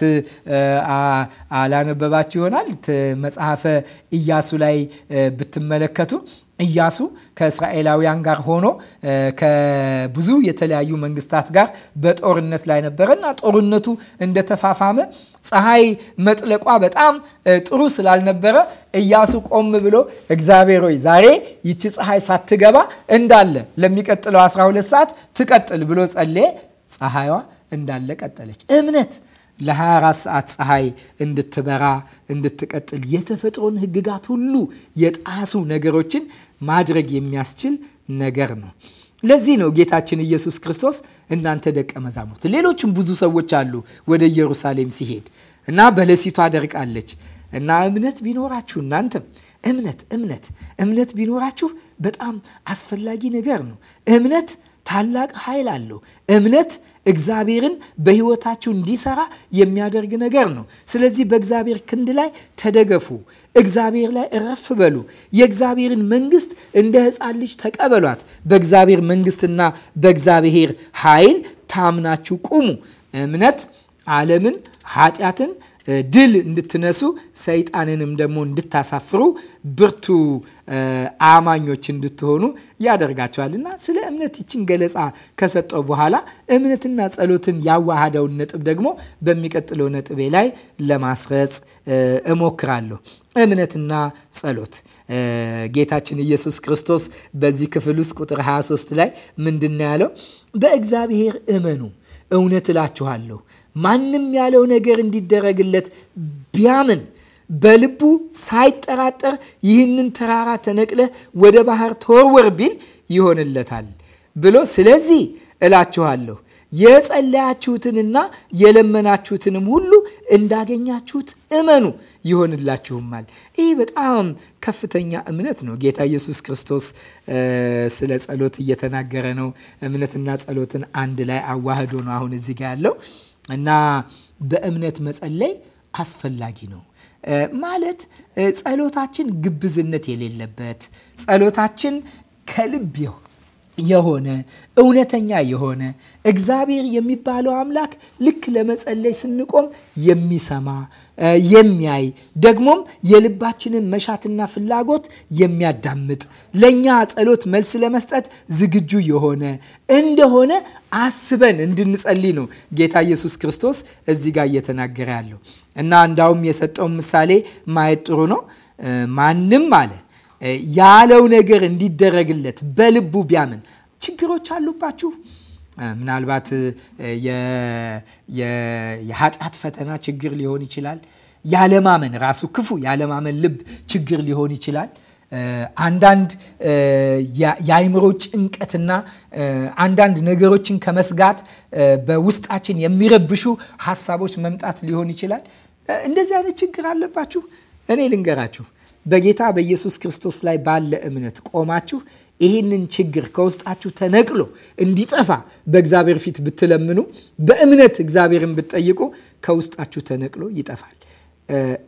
አላነበባችሁ ይሆናል። መጽሐፈ ኢያሱ ላይ ብትመለከቱ ኢያሱ ከእስራኤላውያን ጋር ሆኖ ከብዙ የተለያዩ መንግስታት ጋር በጦርነት ላይ ነበረ እና ጦርነቱ እንደተፋፋመ ፀሐይ መጥለቋ በጣም ጥሩ ስላልነበረ ኢያሱ ቆም ብሎ እግዚአብሔር ሆይ ዛሬ ይቺ ፀሐይ ሳትገባ እንዳለ ለሚቀጥለው 12 ሰዓት ትቀጥል ብሎ ጸለየ። ፀሐይዋ እንዳለ ቀጠለች። እምነት ለ24 ሰዓት ፀሐይ እንድትበራ እንድትቀጥል የተፈጥሮን ሕግጋት ሁሉ የጣሱ ነገሮችን ማድረግ የሚያስችል ነገር ነው። ለዚህ ነው ጌታችን ኢየሱስ ክርስቶስ እናንተ ደቀ መዛሙርት፣ ሌሎችም ብዙ ሰዎች አሉ ወደ ኢየሩሳሌም ሲሄድ እና በለሲቷ ደርቃለች እና እምነት ቢኖራችሁ እናንተም እምነት እምነት እምነት ቢኖራችሁ በጣም አስፈላጊ ነገር ነው። እምነት ታላቅ ኃይል አለው። እምነት እግዚአብሔርን በህይወታችሁ እንዲሰራ የሚያደርግ ነገር ነው። ስለዚህ በእግዚአብሔር ክንድ ላይ ተደገፉ፣ እግዚአብሔር ላይ እረፍ በሉ። የእግዚአብሔርን መንግስት እንደ ህፃን ልጅ ተቀበሏት። በእግዚአብሔር መንግስትና በእግዚአብሔር ኃይል ታምናችሁ ቁሙ። እምነት ዓለምን ኃጢአትን ድል እንድትነሱ ሰይጣንንም ደግሞ እንድታሳፍሩ ብርቱ አማኞች እንድትሆኑ ያደርጋቸዋል እና ስለ እምነት ይችን ገለጻ ከሰጠው በኋላ እምነትና ጸሎትን ያዋሃደውን ነጥብ ደግሞ በሚቀጥለው ነጥቤ ላይ ለማስረጽ እሞክራለሁ። እምነትና ጸሎት ጌታችን ኢየሱስ ክርስቶስ በዚህ ክፍል ውስጥ ቁጥር 23 ላይ ምንድን ያለው? በእግዚአብሔር እመኑ፣ እውነት እላችኋለሁ ማንም ያለው ነገር እንዲደረግለት ቢያምን በልቡ ሳይጠራጠር ይህንን ተራራ ተነቅለህ ወደ ባህር ተወርወር ቢል ይሆንለታል ብሎ ስለዚህ እላችኋለሁ የጸለያችሁትንና የለመናችሁትንም ሁሉ እንዳገኛችሁት እመኑ ይሆንላችሁማል። ይህ በጣም ከፍተኛ እምነት ነው። ጌታ ኢየሱስ ክርስቶስ ስለ ጸሎት እየተናገረ ነው። እምነትና ጸሎትን አንድ ላይ አዋህዶ ነው አሁን እዚህ ጋ ያለው እና በእምነት መጸለይ አስፈላጊ ነው። ማለት ጸሎታችን ግብዝነት የሌለበት ጸሎታችን ከልብ የሆነ እውነተኛ የሆነ እግዚአብሔር የሚባለው አምላክ ልክ ለመጸለይ ስንቆም የሚሰማ የሚያይ ደግሞም የልባችንን መሻትና ፍላጎት የሚያዳምጥ ለእኛ ጸሎት መልስ ለመስጠት ዝግጁ የሆነ እንደሆነ አስበን እንድንጸልይ ነው ጌታ ኢየሱስ ክርስቶስ እዚህ ጋር እየተናገረ ያለው እና እንዳውም የሰጠውን ምሳሌ ማየት ጥሩ ነው። ማንም አለ ያለው ነገር እንዲደረግለት በልቡ ቢያምን ችግሮች አሉባችሁ። ምናልባት የኃጢአት ፈተና ችግር ሊሆን ይችላል። ያለማመን ራሱ ክፉ ያለማመን ልብ ችግር ሊሆን ይችላል። አንዳንድ የአይምሮ ጭንቀትና አንዳንድ ነገሮችን ከመስጋት በውስጣችን የሚረብሹ ሀሳቦች መምጣት ሊሆን ይችላል። እንደዚህ አይነት ችግር አለባችሁ። እኔ ልንገራችሁ በጌታ በኢየሱስ ክርስቶስ ላይ ባለ እምነት ቆማችሁ ይህንን ችግር ከውስጣችሁ ተነቅሎ እንዲጠፋ በእግዚአብሔር ፊት ብትለምኑ፣ በእምነት እግዚአብሔርን ብትጠይቁ ከውስጣችሁ ተነቅሎ ይጠፋል።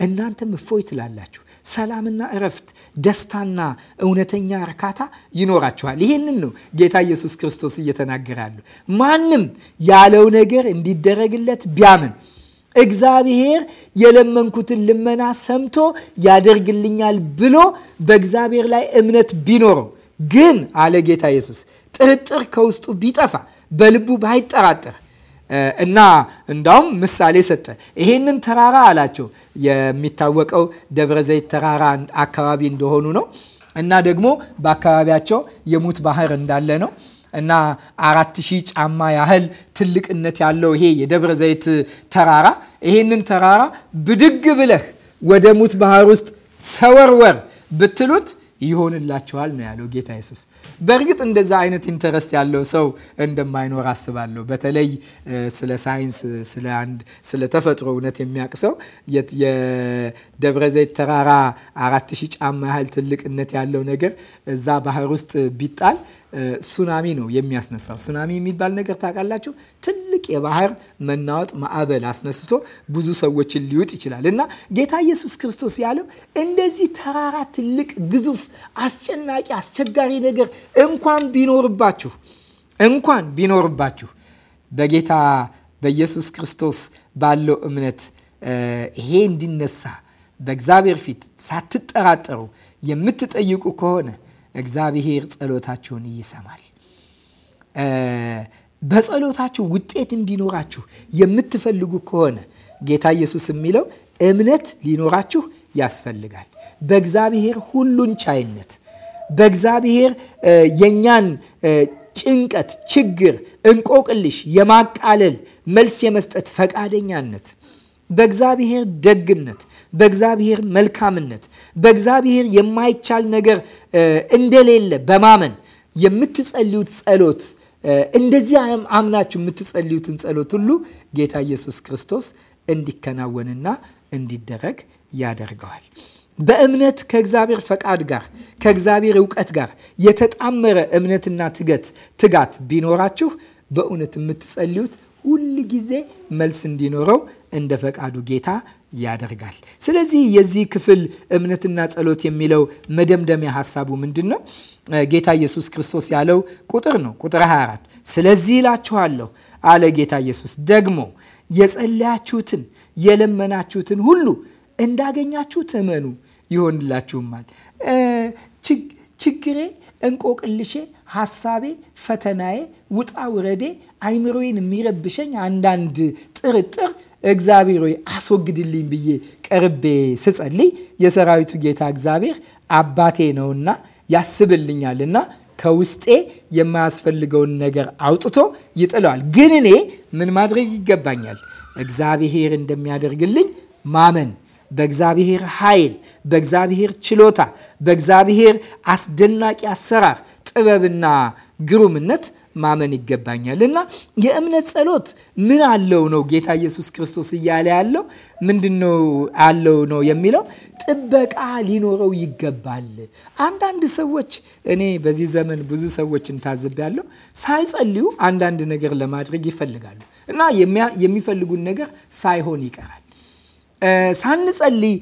እናንተም እፎይ ትላላችሁ። ሰላምና እረፍት፣ ደስታና እውነተኛ እርካታ ይኖራችኋል። ይህንን ነው ጌታ ኢየሱስ ክርስቶስ እየተናገረ ያለው። ማንም ያለው ነገር እንዲደረግለት ቢያምን እግዚአብሔር የለመንኩትን ልመና ሰምቶ ያደርግልኛል ብሎ በእግዚአብሔር ላይ እምነት ቢኖረው ግን አለ ጌታ ኢየሱስ ጥርጥር ከውስጡ ቢጠፋ በልቡ ባይጠራጠር እና እንዳውም ምሳሌ ሰጠ። ይሄንን ተራራ አላቸው የሚታወቀው ደብረ ዘይት ተራራ አካባቢ እንደሆኑ ነው እና ደግሞ በአካባቢያቸው የሙት ባህር እንዳለ ነው እና አራት ሺህ ጫማ ያህል ትልቅነት ያለው ይሄ የደብረ ዘይት ተራራ ይሄንን ተራራ ብድግ ብለህ ወደ ሙት ባህር ውስጥ ተወርወር ብትሉት ይሆንላቸዋል ነው ያለው ጌታ ኢየሱስ። በእርግጥ እንደዛ አይነት ኢንተረስት ያለው ሰው እንደማይኖር አስባለሁ። በተለይ ስለ ሳይንስ፣ ስለ አንድ ስለ ተፈጥሮ እውነት የሚያውቅ ሰው የደብረ ዘይት ተራራ አራት ሺህ ጫማ ያህል ትልቅነት ያለው ነገር እዛ ባህር ውስጥ ቢጣል ሱናሚ ነው የሚያስነሳው። ሱናሚ የሚባል ነገር ታውቃላችሁ? ትልቅ የባህር መናወጥ ማዕበል አስነስቶ ብዙ ሰዎችን ሊውጥ ይችላል እና ጌታ ኢየሱስ ክርስቶስ ያለው እንደዚህ ተራራ ትልቅ፣ ግዙፍ፣ አስጨናቂ፣ አስቸጋሪ ነገር እንኳን ቢኖርባችሁ እንኳን ቢኖርባችሁ በጌታ በኢየሱስ ክርስቶስ ባለው እምነት ይሄ እንዲነሳ በእግዚአብሔር ፊት ሳትጠራጠሩ የምትጠይቁ ከሆነ እግዚአብሔር ጸሎታቸውን ይሰማል። በጸሎታችሁ ውጤት እንዲኖራችሁ የምትፈልጉ ከሆነ ጌታ ኢየሱስ የሚለው እምነት ሊኖራችሁ ያስፈልጋል። በእግዚአብሔር ሁሉን ቻይነት፣ በእግዚአብሔር የእኛን ጭንቀት፣ ችግር፣ እንቆቅልሽ የማቃለል መልስ የመስጠት ፈቃደኛነት፣ በእግዚአብሔር ደግነት፣ በእግዚአብሔር መልካምነት፣ በእግዚአብሔር የማይቻል ነገር እንደሌለ በማመን የምትጸልዩት ጸሎት እንደዚህ አምናችሁ የምትጸልዩትን ጸሎት ሁሉ ጌታ ኢየሱስ ክርስቶስ እንዲከናወንና እንዲደረግ ያደርገዋል። በእምነት ከእግዚአብሔር ፈቃድ ጋር ከእግዚአብሔር እውቀት ጋር የተጣመረ እምነትና ትገት ትጋት ቢኖራችሁ በእውነት የምትጸልዩት ሁል ጊዜ መልስ እንዲኖረው እንደ ፈቃዱ ጌታ ያደርጋል። ስለዚህ የዚህ ክፍል እምነትና ጸሎት የሚለው መደምደሚያ ሀሳቡ ምንድን ነው? ጌታ ኢየሱስ ክርስቶስ ያለው ቁጥር ነው። ቁጥር 24 ስለዚህ እላችኋለሁ አለ ጌታ ኢየሱስ ደግሞ የጸለያችሁትን የለመናችሁትን ሁሉ እንዳገኛችሁት እመኑ ይሆንላችሁማል። ችግሬ፣ እንቆቅልሼ፣ ሀሳቤ፣ ፈተናዬ፣ ውጣ ውረዴ፣ አይምሮዬን የሚረብሸኝ አንዳንድ ጥርጥር እግዚአብሔር ሆይ አስወግድልኝ ብዬ ቀርቤ ስጸልይ የሰራዊቱ ጌታ እግዚአብሔር አባቴ ነውና ያስብልኛልና ከውስጤ የማያስፈልገውን ነገር አውጥቶ ይጥለዋል። ግን እኔ ምን ማድረግ ይገባኛል? እግዚአብሔር እንደሚያደርግልኝ ማመን በእግዚአብሔር ኃይል፣ በእግዚአብሔር ችሎታ፣ በእግዚአብሔር አስደናቂ አሰራር ጥበብና ግሩምነት ማመን ይገባኛል። እና የእምነት ጸሎት ምን አለው ነው ጌታ ኢየሱስ ክርስቶስ እያለ ያለው ነው አለው ነው የሚለው ጥበቃ ሊኖረው ይገባል። አንዳንድ ሰዎች እኔ በዚህ ዘመን ብዙ ሰዎችን ታዝቤያለሁ፣ ሳይጸልዩ አንዳንድ ነገር ለማድረግ ይፈልጋሉ እና የሚፈልጉን ነገር ሳይሆን ይቀራል። ሳንጸልይ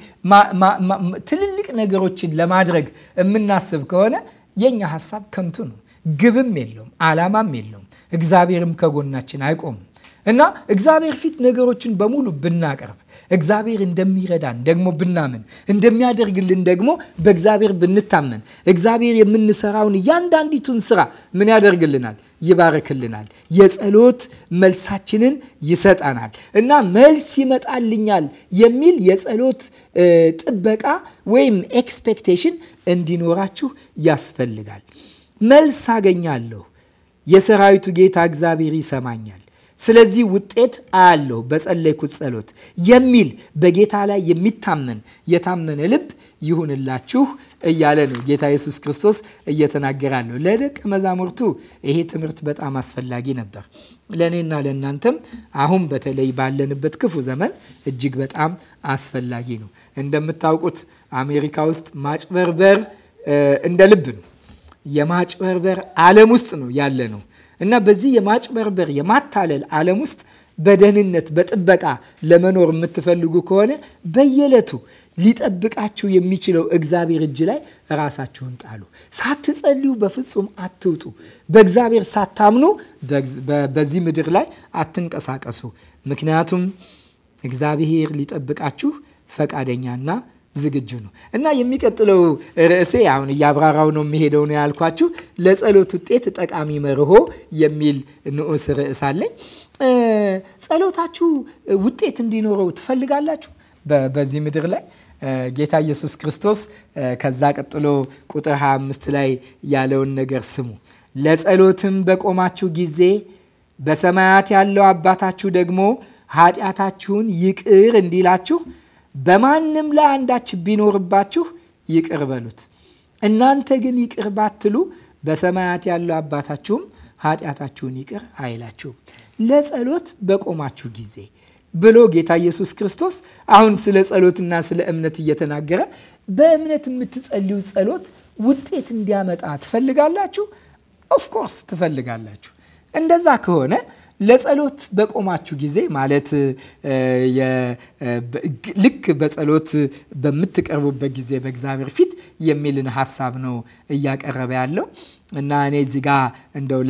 ትልልቅ ነገሮችን ለማድረግ የምናስብ ከሆነ የኛ ሀሳብ ከንቱ ነው። ግብም የለውም፣ አላማም የለውም። እግዚአብሔርም ከጎናችን አይቆምም እና እግዚአብሔር ፊት ነገሮችን በሙሉ ብናቀርብ እግዚአብሔር እንደሚረዳን ደግሞ ብናምን እንደሚያደርግልን ደግሞ በእግዚአብሔር ብንታመን እግዚአብሔር የምንሰራውን እያንዳንዲቱን ስራ ምን ያደርግልናል? ይባርክልናል። የጸሎት መልሳችንን ይሰጠናል እና መልስ ይመጣልኛል የሚል የጸሎት ጥበቃ ወይም ኤክስፔክቴሽን እንዲኖራችሁ ያስፈልጋል። መልስ አገኛለሁ። የሰራዊቱ ጌታ እግዚአብሔር ይሰማኛል፣ ስለዚህ ውጤት አያለሁ በጸለይኩት ጸሎት የሚል በጌታ ላይ የሚታመን የታመነ ልብ ይሁንላችሁ እያለ ነው ጌታ ኢየሱስ ክርስቶስ እየተናገራለሁ። ለደቀ መዛሙርቱ ይሄ ትምህርት በጣም አስፈላጊ ነበር። ለእኔና ለእናንተም አሁን በተለይ ባለንበት ክፉ ዘመን እጅግ በጣም አስፈላጊ ነው። እንደምታውቁት አሜሪካ ውስጥ ማጭበርበር እንደ ልብ ነው። የማጭበርበር ዓለም ውስጥ ነው ያለ ነው እና በዚህ የማጭበርበር የማታለል ዓለም ውስጥ በደህንነት በጥበቃ ለመኖር የምትፈልጉ ከሆነ በየዕለቱ ሊጠብቃችሁ የሚችለው እግዚአብሔር እጅ ላይ ራሳችሁን ጣሉ። ሳትጸልዩ በፍጹም አትውጡ። በእግዚአብሔር ሳታምኑ በዚህ ምድር ላይ አትንቀሳቀሱ። ምክንያቱም እግዚአብሔር ሊጠብቃችሁ ፈቃደኛና ዝግጁ ነው እና የሚቀጥለው ርዕሴ አሁን እያብራራው ነው የሚሄደው ነው ያልኳችሁ ለጸሎት ውጤት ጠቃሚ መርሆ የሚል ንዑስ ርዕስ አለኝ። ጸሎታችሁ ውጤት እንዲኖረው ትፈልጋላችሁ በዚህ ምድር ላይ ጌታ ኢየሱስ ክርስቶስ ከዛ ቀጥሎ ቁጥር 25 ላይ ያለውን ነገር ስሙ። ለጸሎትም በቆማችሁ ጊዜ በሰማያት ያለው አባታችሁ ደግሞ ኃጢአታችሁን ይቅር እንዲላችሁ በማንም ላይ አንዳች ቢኖርባችሁ ይቅር በሉት፣ እናንተ ግን ይቅር ባትሉ በሰማያት ያለው አባታችሁም ኃጢአታችሁን ይቅር አይላችሁም። ለጸሎት በቆማችሁ ጊዜ ብሎ ጌታ ኢየሱስ ክርስቶስ አሁን ስለ ጸሎትና ስለ እምነት እየተናገረ በእምነት የምትጸልዩ ጸሎት ውጤት እንዲያመጣ ትፈልጋላችሁ? ኦፍኮርስ ትፈልጋላችሁ። እንደዛ ከሆነ ለጸሎት በቆማችሁ ጊዜ ማለት ልክ በጸሎት በምትቀርቡበት ጊዜ በእግዚአብሔር ፊት የሚልን ሀሳብ ነው እያቀረበ ያለው እና እኔ እዚህ ጋ እንደው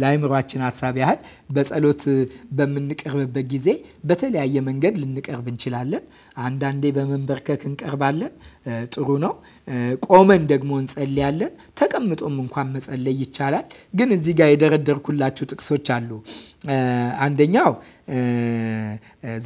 ለአይምሯችን ሀሳብ ያህል በጸሎት በምንቀርብበት ጊዜ በተለያየ መንገድ ልንቀርብ እንችላለን። አንዳንዴ በመንበርከክ እንቀርባለን፣ ጥሩ ነው። ቆመን ደግሞ እንጸልያለን። ተቀምጦም እንኳን መጸለይ ይቻላል። ግን እዚህ ጋ የደረደርኩላችሁ ጥቅሶች አሉ። አንደኛው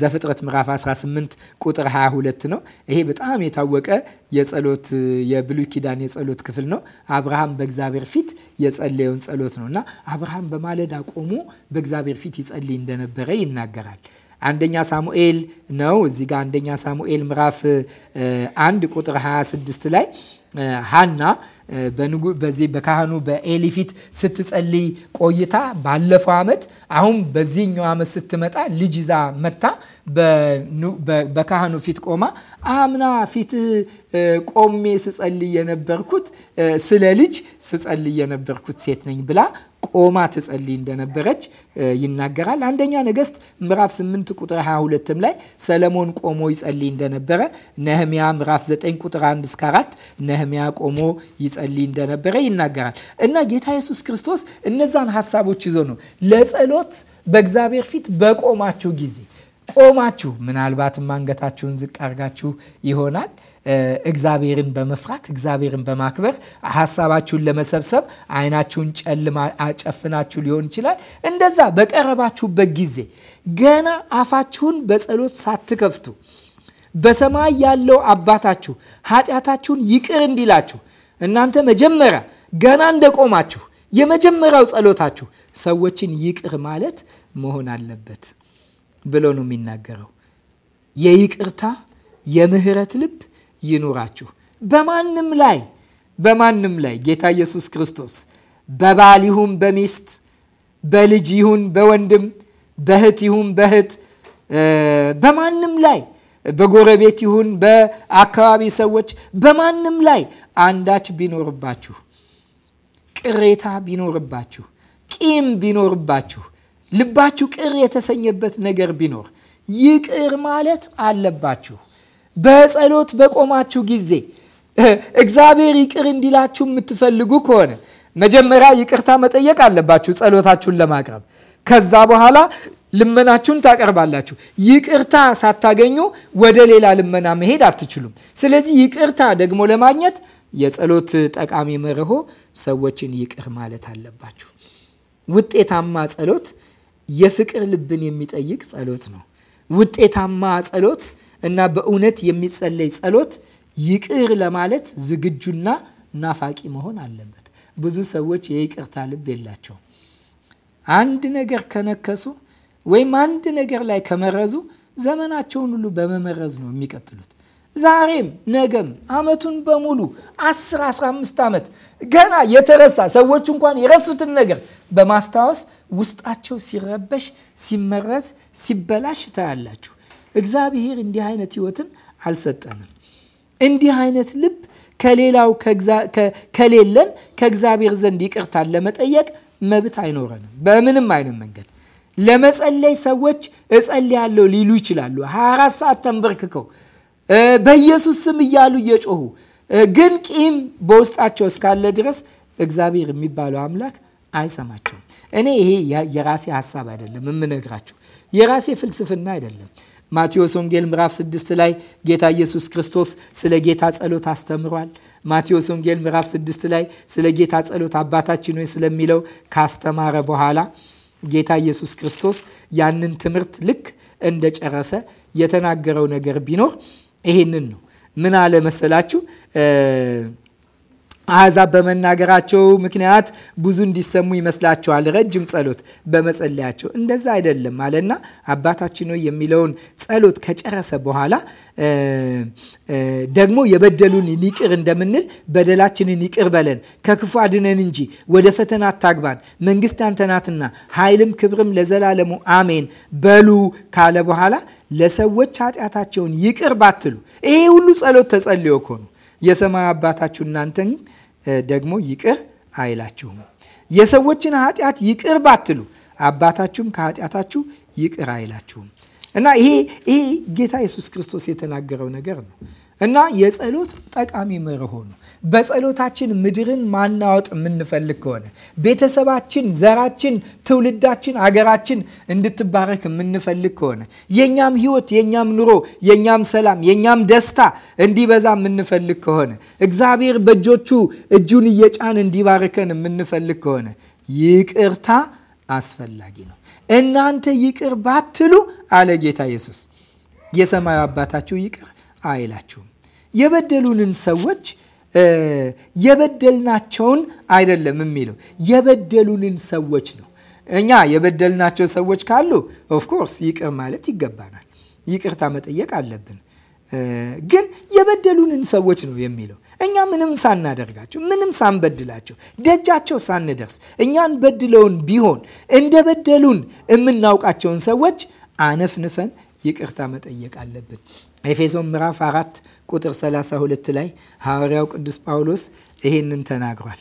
ዘፍጥረት ምዕራፍ 18 ቁጥር 22 ነው። ይሄ በጣም የታወቀ የጸሎት የብሉይ ኪዳን የጸሎት ክፍል ነው። አብርሃም በእግዚአብሔር ፊት የጸለየውን ጸሎት ነው እና አብርሃም በማለዳ ቆሞ በእግዚአብሔር ፊት ይጸልይ እንደነበረ ይናገራል። አንደኛ ሳሙኤል ነው። እዚህ ጋር አንደኛ ሳሙኤል ምዕራፍ 1 ቁጥር 26 ላይ ሀና በዚህ በካህኑ በኤሊ ፊት ስትጸልይ ቆይታ ባለፈው ዓመት አሁን በዚህኛው ዓመት ስትመጣ ልጅ ይዛ መታ በካህኑ ፊት ቆማ አምና ፊት ቆሜ ስጸልይ የነበርኩት ስለ ልጅ ስጸልይ የነበርኩት ሴት ነኝ ብላ ቆማ ትጸልይ እንደነበረች ይናገራል። አንደኛ ነገስት ምዕራፍ 8 ቁጥር 22ም ላይ ሰለሞን ቆሞ ይጸልይ እንደነበረ፣ ነህሚያ ምዕራፍ 9 ቁጥር 1 እስከ 4 ነህሚያ ቆሞ ይጸልይ እንደነበረ ይናገራል እና ጌታ ኢየሱስ ክርስቶስ እነዛን ሀሳቦች ይዞ ነው ለጸሎት በእግዚአብሔር ፊት በቆማችሁ ጊዜ ቆማችሁ ምናልባትም አንገታችሁን ዝቅ አድርጋችሁ ይሆናል። እግዚአብሔርን በመፍራት እግዚአብሔርን በማክበር ሀሳባችሁን ለመሰብሰብ አይናችሁን ጨልማ አጨፍናችሁ ሊሆን ይችላል። እንደዛ በቀረባችሁበት ጊዜ ገና አፋችሁን በጸሎት ሳትከፍቱ በሰማይ ያለው አባታችሁ ኃጢአታችሁን ይቅር እንዲላችሁ እናንተ መጀመሪያ ገና እንደቆማችሁ የመጀመሪያው ጸሎታችሁ ሰዎችን ይቅር ማለት መሆን አለበት። ብሎ ነው የሚናገረው። የይቅርታ የምህረት ልብ ይኑራችሁ። በማንም ላይ በማንም ላይ ጌታ ኢየሱስ ክርስቶስ በባል ይሁን በሚስት በልጅ ይሁን በወንድም በእህት ይሁን በእህት በማንም ላይ በጎረቤት ይሁን በአካባቢ ሰዎች በማንም ላይ አንዳች ቢኖርባችሁ፣ ቅሬታ ቢኖርባችሁ፣ ቂም ቢኖርባችሁ ልባችሁ ቅር የተሰኘበት ነገር ቢኖር ይቅር ማለት አለባችሁ። በጸሎት በቆማችሁ ጊዜ እግዚአብሔር ይቅር እንዲላችሁ የምትፈልጉ ከሆነ መጀመሪያ ይቅርታ መጠየቅ አለባችሁ ጸሎታችሁን ለማቅረብ። ከዛ በኋላ ልመናችሁን ታቀርባላችሁ። ይቅርታ ሳታገኙ ወደ ሌላ ልመና መሄድ አትችሉም። ስለዚህ ይቅርታ ደግሞ ለማግኘት የጸሎት ጠቃሚ መርሆ ሰዎችን ይቅር ማለት አለባችሁ። ውጤታማ ጸሎት የፍቅር ልብን የሚጠይቅ ጸሎት ነው። ውጤታማ ጸሎት እና በእውነት የሚጸለይ ጸሎት ይቅር ለማለት ዝግጁና ናፋቂ መሆን አለበት። ብዙ ሰዎች የይቅርታ ልብ የላቸው። አንድ ነገር ከነከሱ ወይም አንድ ነገር ላይ ከመረዙ ዘመናቸውን ሁሉ በመመረዝ ነው የሚቀጥሉት። ዛሬም ነገም አመቱን በሙሉ 10 15 ዓመት ገና የተረሳ ሰዎች እንኳን የረሱትን ነገር በማስታወስ ውስጣቸው ሲረበሽ፣ ሲመረዝ፣ ሲበላሽ ታያላችሁ። እግዚአብሔር እንዲህ አይነት ህይወትን አልሰጠንም። እንዲህ አይነት ልብ ከሌላው ከሌለን ከእግዚአብሔር ዘንድ ይቅርታን ለመጠየቅ መብት አይኖረንም በምንም አይነት መንገድ። ለመጸለይ ሰዎች እጸልያለሁ ሊሉ ይችላሉ 24 ሰዓት ተንበርክከው በኢየሱስ ስም እያሉ እየጮሁ ግን ቂም በውስጣቸው እስካለ ድረስ እግዚአብሔር የሚባለው አምላክ አይሰማቸውም። እኔ ይሄ የራሴ ሀሳብ አይደለም የምነግራችሁ፣ የራሴ ፍልስፍና አይደለም። ማቴዎስ ወንጌል ምዕራፍ 6 ላይ ጌታ ኢየሱስ ክርስቶስ ስለ ጌታ ጸሎት አስተምሯል። ማቴዎስ ወንጌል ምዕራፍ 6 ላይ ስለ ጌታ ጸሎት አባታችን ሆይ ስለሚለው ካስተማረ በኋላ ጌታ ኢየሱስ ክርስቶስ ያንን ትምህርት ልክ እንደጨረሰ የተናገረው ነገር ቢኖር ይሄንን ነው። ምን አለ መሰላችሁ አሕዛብ በመናገራቸው ምክንያት ብዙ እንዲሰሙ ይመስላቸዋል። ረጅም ጸሎት በመጸለያቸው እንደዛ አይደለም አለና አባታችን ሆይ የሚለውን ጸሎት ከጨረሰ በኋላ ደግሞ የበደሉን ይቅር እንደምንል በደላችንን ይቅር በለን፣ ከክፉ አድነን እንጂ ወደ ፈተና አታግባን፣ መንግስት አንተ ናትና ኃይልም ክብርም ለዘላለሙ አሜን በሉ ካለ በኋላ ለሰዎች ኃጢአታቸውን ይቅር ባትሉ ይሄ ሁሉ ጸሎት ተጸልዮ እኮ ነው የሰማይ አባታችሁ እናንተን ደግሞ ይቅር አይላችሁም። የሰዎችን ኃጢአት ይቅር ባትሉ አባታችሁም ከኃጢአታችሁ ይቅር አይላችሁም። እና ይሄ ይሄ ጌታ ኢየሱስ ክርስቶስ የተናገረው ነገር ነው። እና የጸሎት ጠቃሚ መርሆ በጸሎታችን ምድርን ማናወጥ የምንፈልግ ከሆነ ቤተሰባችን፣ ዘራችን፣ ትውልዳችን፣ አገራችን እንድትባረክ የምንፈልግ ከሆነ የእኛም ህይወት የእኛም ኑሮ፣ የእኛም ሰላም፣ የእኛም ደስታ እንዲበዛ የምንፈልግ ከሆነ እግዚአብሔር በእጆቹ እጁን እየጫን እንዲባርከን የምንፈልግ ከሆነ ይቅርታ አስፈላጊ ነው። እናንተ ይቅር ባትሉ አለ ጌታ ኢየሱስ የሰማዩ አባታችሁ ይቅር አይላችሁም። የበደሉንን ሰዎች የበደልናቸውን አይደለም የሚለው የበደሉንን ሰዎች ነው። እኛ የበደልናቸው ሰዎች ካሉ ኦፍኮርስ ይቅር ማለት ይገባናል፣ ይቅርታ መጠየቅ አለብን። ግን የበደሉንን ሰዎች ነው የሚለው እኛ ምንም ሳናደርጋቸው ምንም ሳንበድላቸው ደጃቸው ሳንደርስ እኛን በድለውን ቢሆን እንደ በደሉን የምናውቃቸውን ሰዎች አነፍንፈን ይቅርታ መጠየቅ አለብን። ኤፌሶን ምዕራፍ 4 ቁጥር 32 ላይ ሐዋርያው ቅዱስ ጳውሎስ ይህንን ተናግሯል።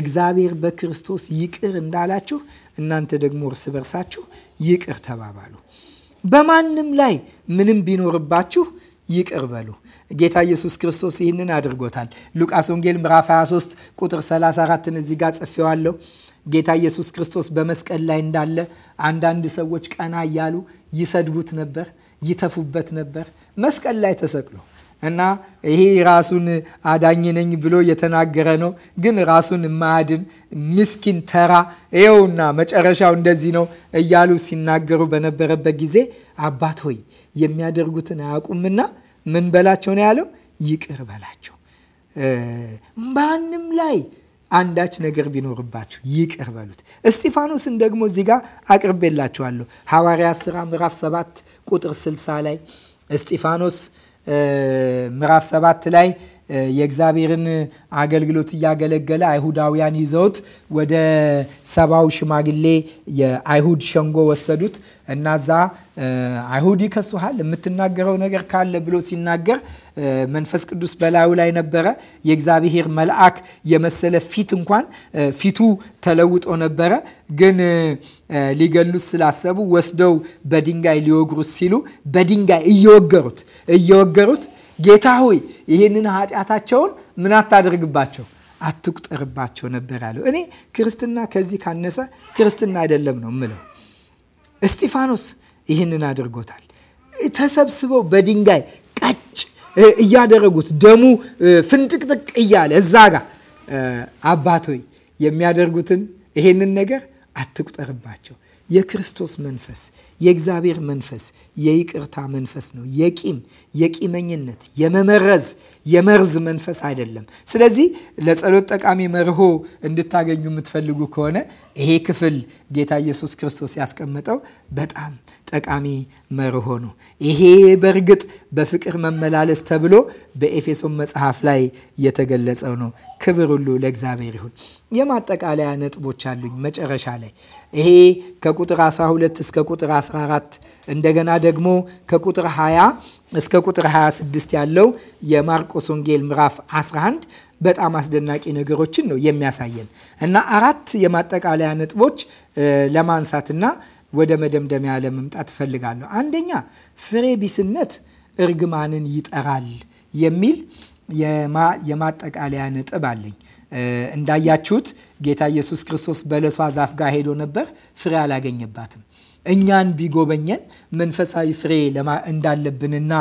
እግዚአብሔር በክርስቶስ ይቅር እንዳላችሁ እናንተ ደግሞ እርስ በርሳችሁ ይቅር ተባባሉ። በማንም ላይ ምንም ቢኖርባችሁ ይቅር በሉ። ጌታ ኢየሱስ ክርስቶስ ይህንን አድርጎታል። ሉቃስ ወንጌል ምዕራፍ 23 ቁጥር 34ን እዚህ ጋር ጽፌዋለሁ። ጌታ ኢየሱስ ክርስቶስ በመስቀል ላይ እንዳለ አንዳንድ ሰዎች ቀና እያሉ ይሰድቡት ነበር፣ ይተፉበት ነበር መስቀል ላይ ተሰቅሎ እና ይሄ ራሱን አዳኝ ነኝ ብሎ የተናገረ ነው፣ ግን ራሱን የማያድን ምስኪን ተራ ይኸውና መጨረሻው እንደዚህ ነው እያሉ ሲናገሩ በነበረበት ጊዜ አባት ሆይ የሚያደርጉትን አያውቁምና ምን በላቸው ነው ያለው? ይቅር በላቸው። ማንም ላይ አንዳች ነገር ቢኖርባችሁ ይቅር በሉት። እስጢፋኖስን ደግሞ እዚህ ጋር አቅርቤላችኋለሁ። ሐዋርያ ሥራ ምዕራፍ 7 ቁጥር 60 ላይ እስጢፋኖስ ምዕራፍ 7 ላይ የእግዚአብሔርን አገልግሎት እያገለገለ አይሁዳውያን ይዘውት ወደ ሰባው ሽማግሌ የአይሁድ ሸንጎ ወሰዱት እና እዛ አይሁድ ይከሱሃል የምትናገረው ነገር ካለ ብሎ ሲናገር መንፈስ ቅዱስ በላዩ ላይ ነበረ። የእግዚአብሔር መልአክ የመሰለ ፊት እንኳን ፊቱ ተለውጦ ነበረ። ግን ሊገሉት ስላሰቡ ወስደው በድንጋይ ሊወግሩት ሲሉ በድንጋይ እየወገሩት እየወገሩት ጌታ ሆይ ይህንን ኃጢአታቸውን ምን አታድርግባቸው አትቁጠርባቸው ነበር ያለው። እኔ ክርስትና ከዚህ ካነሰ ክርስትና አይደለም ነው ምለው። እስጢፋኖስ ይህንን አድርጎታል። ተሰብስበው በድንጋይ ቀጭ እያደረጉት ደሙ ፍንጥቅጥቅ እያለ እዛ ጋ ሆይ የሚያደርጉትን ይሄንን ነገር አትቁጠርባቸው። የክርስቶስ መንፈስ የእግዚአብሔር መንፈስ የይቅርታ መንፈስ ነው። የቂም የቂመኝነት፣ የመመረዝ የመርዝ መንፈስ አይደለም። ስለዚህ ለጸሎት ጠቃሚ መርሆ እንድታገኙ የምትፈልጉ ከሆነ ይሄ ክፍል ጌታ ኢየሱስ ክርስቶስ ያስቀመጠው በጣም ጠቃሚ መርሆ ነው። ይሄ በእርግጥ በፍቅር መመላለስ ተብሎ በኤፌሶን መጽሐፍ ላይ የተገለጸው ነው። ክብር ሁሉ ለእግዚአብሔር ይሁን። የማጠቃለያ ነጥቦች አሉኝ መጨረሻ ላይ ይሄ ከቁጥር 12 እስከ ቁጥር 14 እንደገና ደግሞ ከቁጥር 20 እስከ ቁጥር 26 ያለው የማርቆስ ወንጌል ምዕራፍ 11 በጣም አስደናቂ ነገሮችን ነው የሚያሳየን እና አራት የማጠቃለያ ነጥቦች ለማንሳትና ወደ መደምደሚያ ለመምጣት እፈልጋለሁ። አንደኛ ፍሬ ቢስነት እርግማንን ይጠራል የሚል የማጠቃለያ ነጥብ አለኝ። እንዳያችሁት ጌታ ኢየሱስ ክርስቶስ በለሷ ዛፍ ጋር ሄዶ ነበር፣ ፍሬ አላገኘባትም። እኛን ቢጎበኘን መንፈሳዊ ፍሬ እንዳለብንና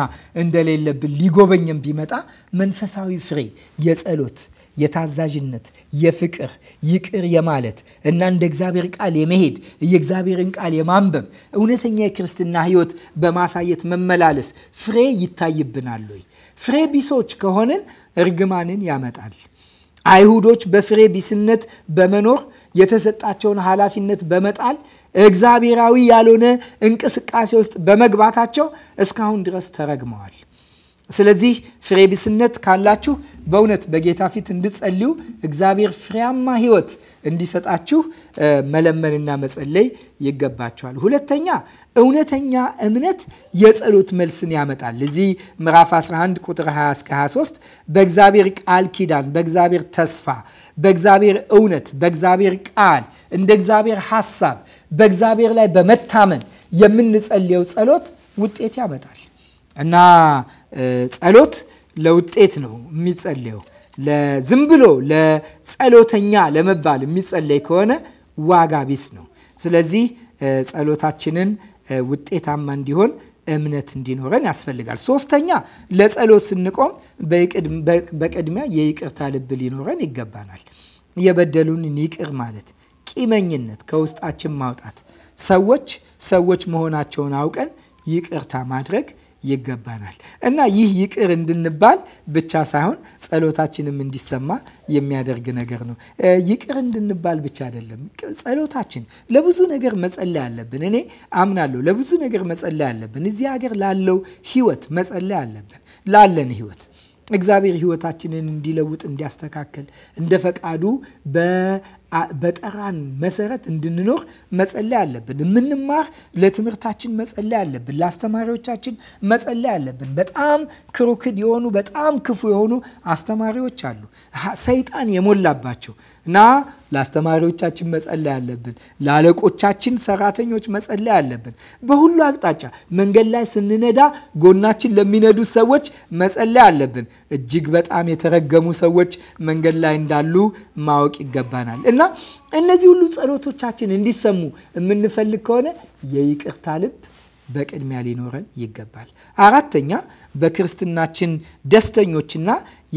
እንደሌለብን ሊጎበኘን ቢመጣ መንፈሳዊ ፍሬ የጸሎት፣ የታዛዥነት፣ የፍቅር፣ ይቅር የማለት እና እንደ እግዚአብሔር ቃል የመሄድ የእግዚአብሔርን ቃል የማንበብ እውነተኛ የክርስትና ሕይወት በማሳየት መመላለስ ፍሬ ይታይብናል ወይ? ፍሬ ቢሶች ከሆንን እርግማንን ያመጣል። አይሁዶች በፍሬ ቢስነት በመኖር የተሰጣቸውን ኃላፊነት በመጣል እግዚአብሔራዊ ያልሆነ እንቅስቃሴ ውስጥ በመግባታቸው እስካሁን ድረስ ተረግመዋል። ስለዚህ ፍሬ ቢስነት ካላችሁ በእውነት በጌታ ፊት እንድጸልዩ እግዚአብሔር ፍሬያማ ሕይወት እንዲሰጣችሁ መለመንና መጸለይ ይገባችኋል። ሁለተኛ እውነተኛ እምነት የጸሎት መልስን ያመጣል። እዚህ ምዕራፍ 11 ቁጥር 20 እስከ 23 በእግዚአብሔር ቃል ኪዳን፣ በእግዚአብሔር ተስፋ፣ በእግዚአብሔር እውነት፣ በእግዚአብሔር ቃል፣ እንደ እግዚአብሔር ሐሳብ፣ በእግዚአብሔር ላይ በመታመን የምንጸልየው ጸሎት ውጤት ያመጣል እና ጸሎት ለውጤት ነው የሚጸለየው። ዝም ብሎ ለጸሎተኛ ለመባል የሚጸለይ ከሆነ ዋጋ ቢስ ነው። ስለዚህ ጸሎታችንን ውጤታማ እንዲሆን እምነት እንዲኖረን ያስፈልጋል። ሶስተኛ ለጸሎት ስንቆም በቅድሚያ የይቅርታ ልብ ሊኖረን ይገባናል። የበደሉንን ይቅር ማለት፣ ቂመኝነት ከውስጣችን ማውጣት፣ ሰዎች ሰዎች መሆናቸውን አውቀን ይቅርታ ማድረግ ይገባናል እና ይህ ይቅር እንድንባል ብቻ ሳይሆን ጸሎታችንም እንዲሰማ የሚያደርግ ነገር ነው። ይቅር እንድንባል ብቻ አይደለም። ጸሎታችን ለብዙ ነገር መጸለይ አለብን። እኔ አምናለሁ። ለብዙ ነገር መጸለይ አለብን። እዚህ ሀገር ላለው ህይወት መጸለይ አለብን። ላለን ህይወት እግዚአብሔር ህይወታችንን እንዲለውጥ እንዲያስተካከል እንደ ፈቃዱ በጠራን መሰረት እንድንኖር መጸለይ አለብን። የምንማር ለትምህርታችን መጸለይ አለብን። ለአስተማሪዎቻችን መጸለይ አለብን። በጣም ክሩክድ የሆኑ በጣም ክፉ የሆኑ አስተማሪዎች አሉ፣ ሰይጣን የሞላባቸው እና ለአስተማሪዎቻችን መጸለይ አለብን። ለአለቆቻችን ሰራተኞች መጸለይ አለብን። በሁሉ አቅጣጫ መንገድ ላይ ስንነዳ ጎናችን ለሚነዱ ሰዎች መጸለይ አለብን። እጅግ በጣም የተረገሙ ሰዎች መንገድ ላይ እንዳሉ ማወቅ ይገባናል እና እነዚህ ሁሉ ጸሎቶቻችን እንዲሰሙ የምንፈልግ ከሆነ የይቅርታ ልብ በቅድሚያ ሊኖረን ይገባል። አራተኛ በክርስትናችን ደስተኞችና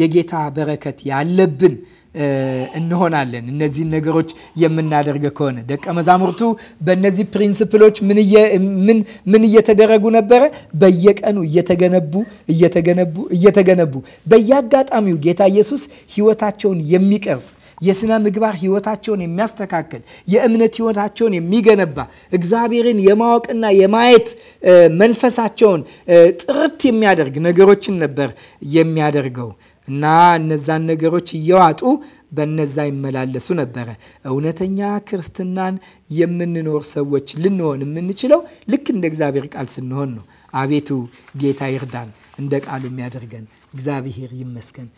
የጌታ በረከት ያለብን እንሆናለን። እነዚህን ነገሮች የምናደርግ ከሆነ ደቀ መዛሙርቱ በእነዚህ ፕሪንስፕሎች ምን እየተደረጉ ነበረ? በየቀኑ እየተገነቡ እየተገነቡ እየተገነቡ በየአጋጣሚው ጌታ ኢየሱስ ህይወታቸውን የሚቀርጽ የሥነ ምግባር ህይወታቸውን የሚያስተካክል የእምነት ህይወታቸውን የሚገነባ እግዚአብሔርን የማወቅና የማየት መንፈሳቸውን ጥርት የሚያደርግ ነገሮችን ነበር የሚያደርገው እና እነዛን ነገሮች እየዋጡ በነዛ ይመላለሱ ነበረ። እውነተኛ ክርስትናን የምንኖር ሰዎች ልንሆን የምንችለው ልክ እንደ እግዚአብሔር ቃል ስንሆን ነው። አቤቱ ጌታ ይርዳን፣ እንደ ቃሉ የሚያደርገን እግዚአብሔር ይመስገን።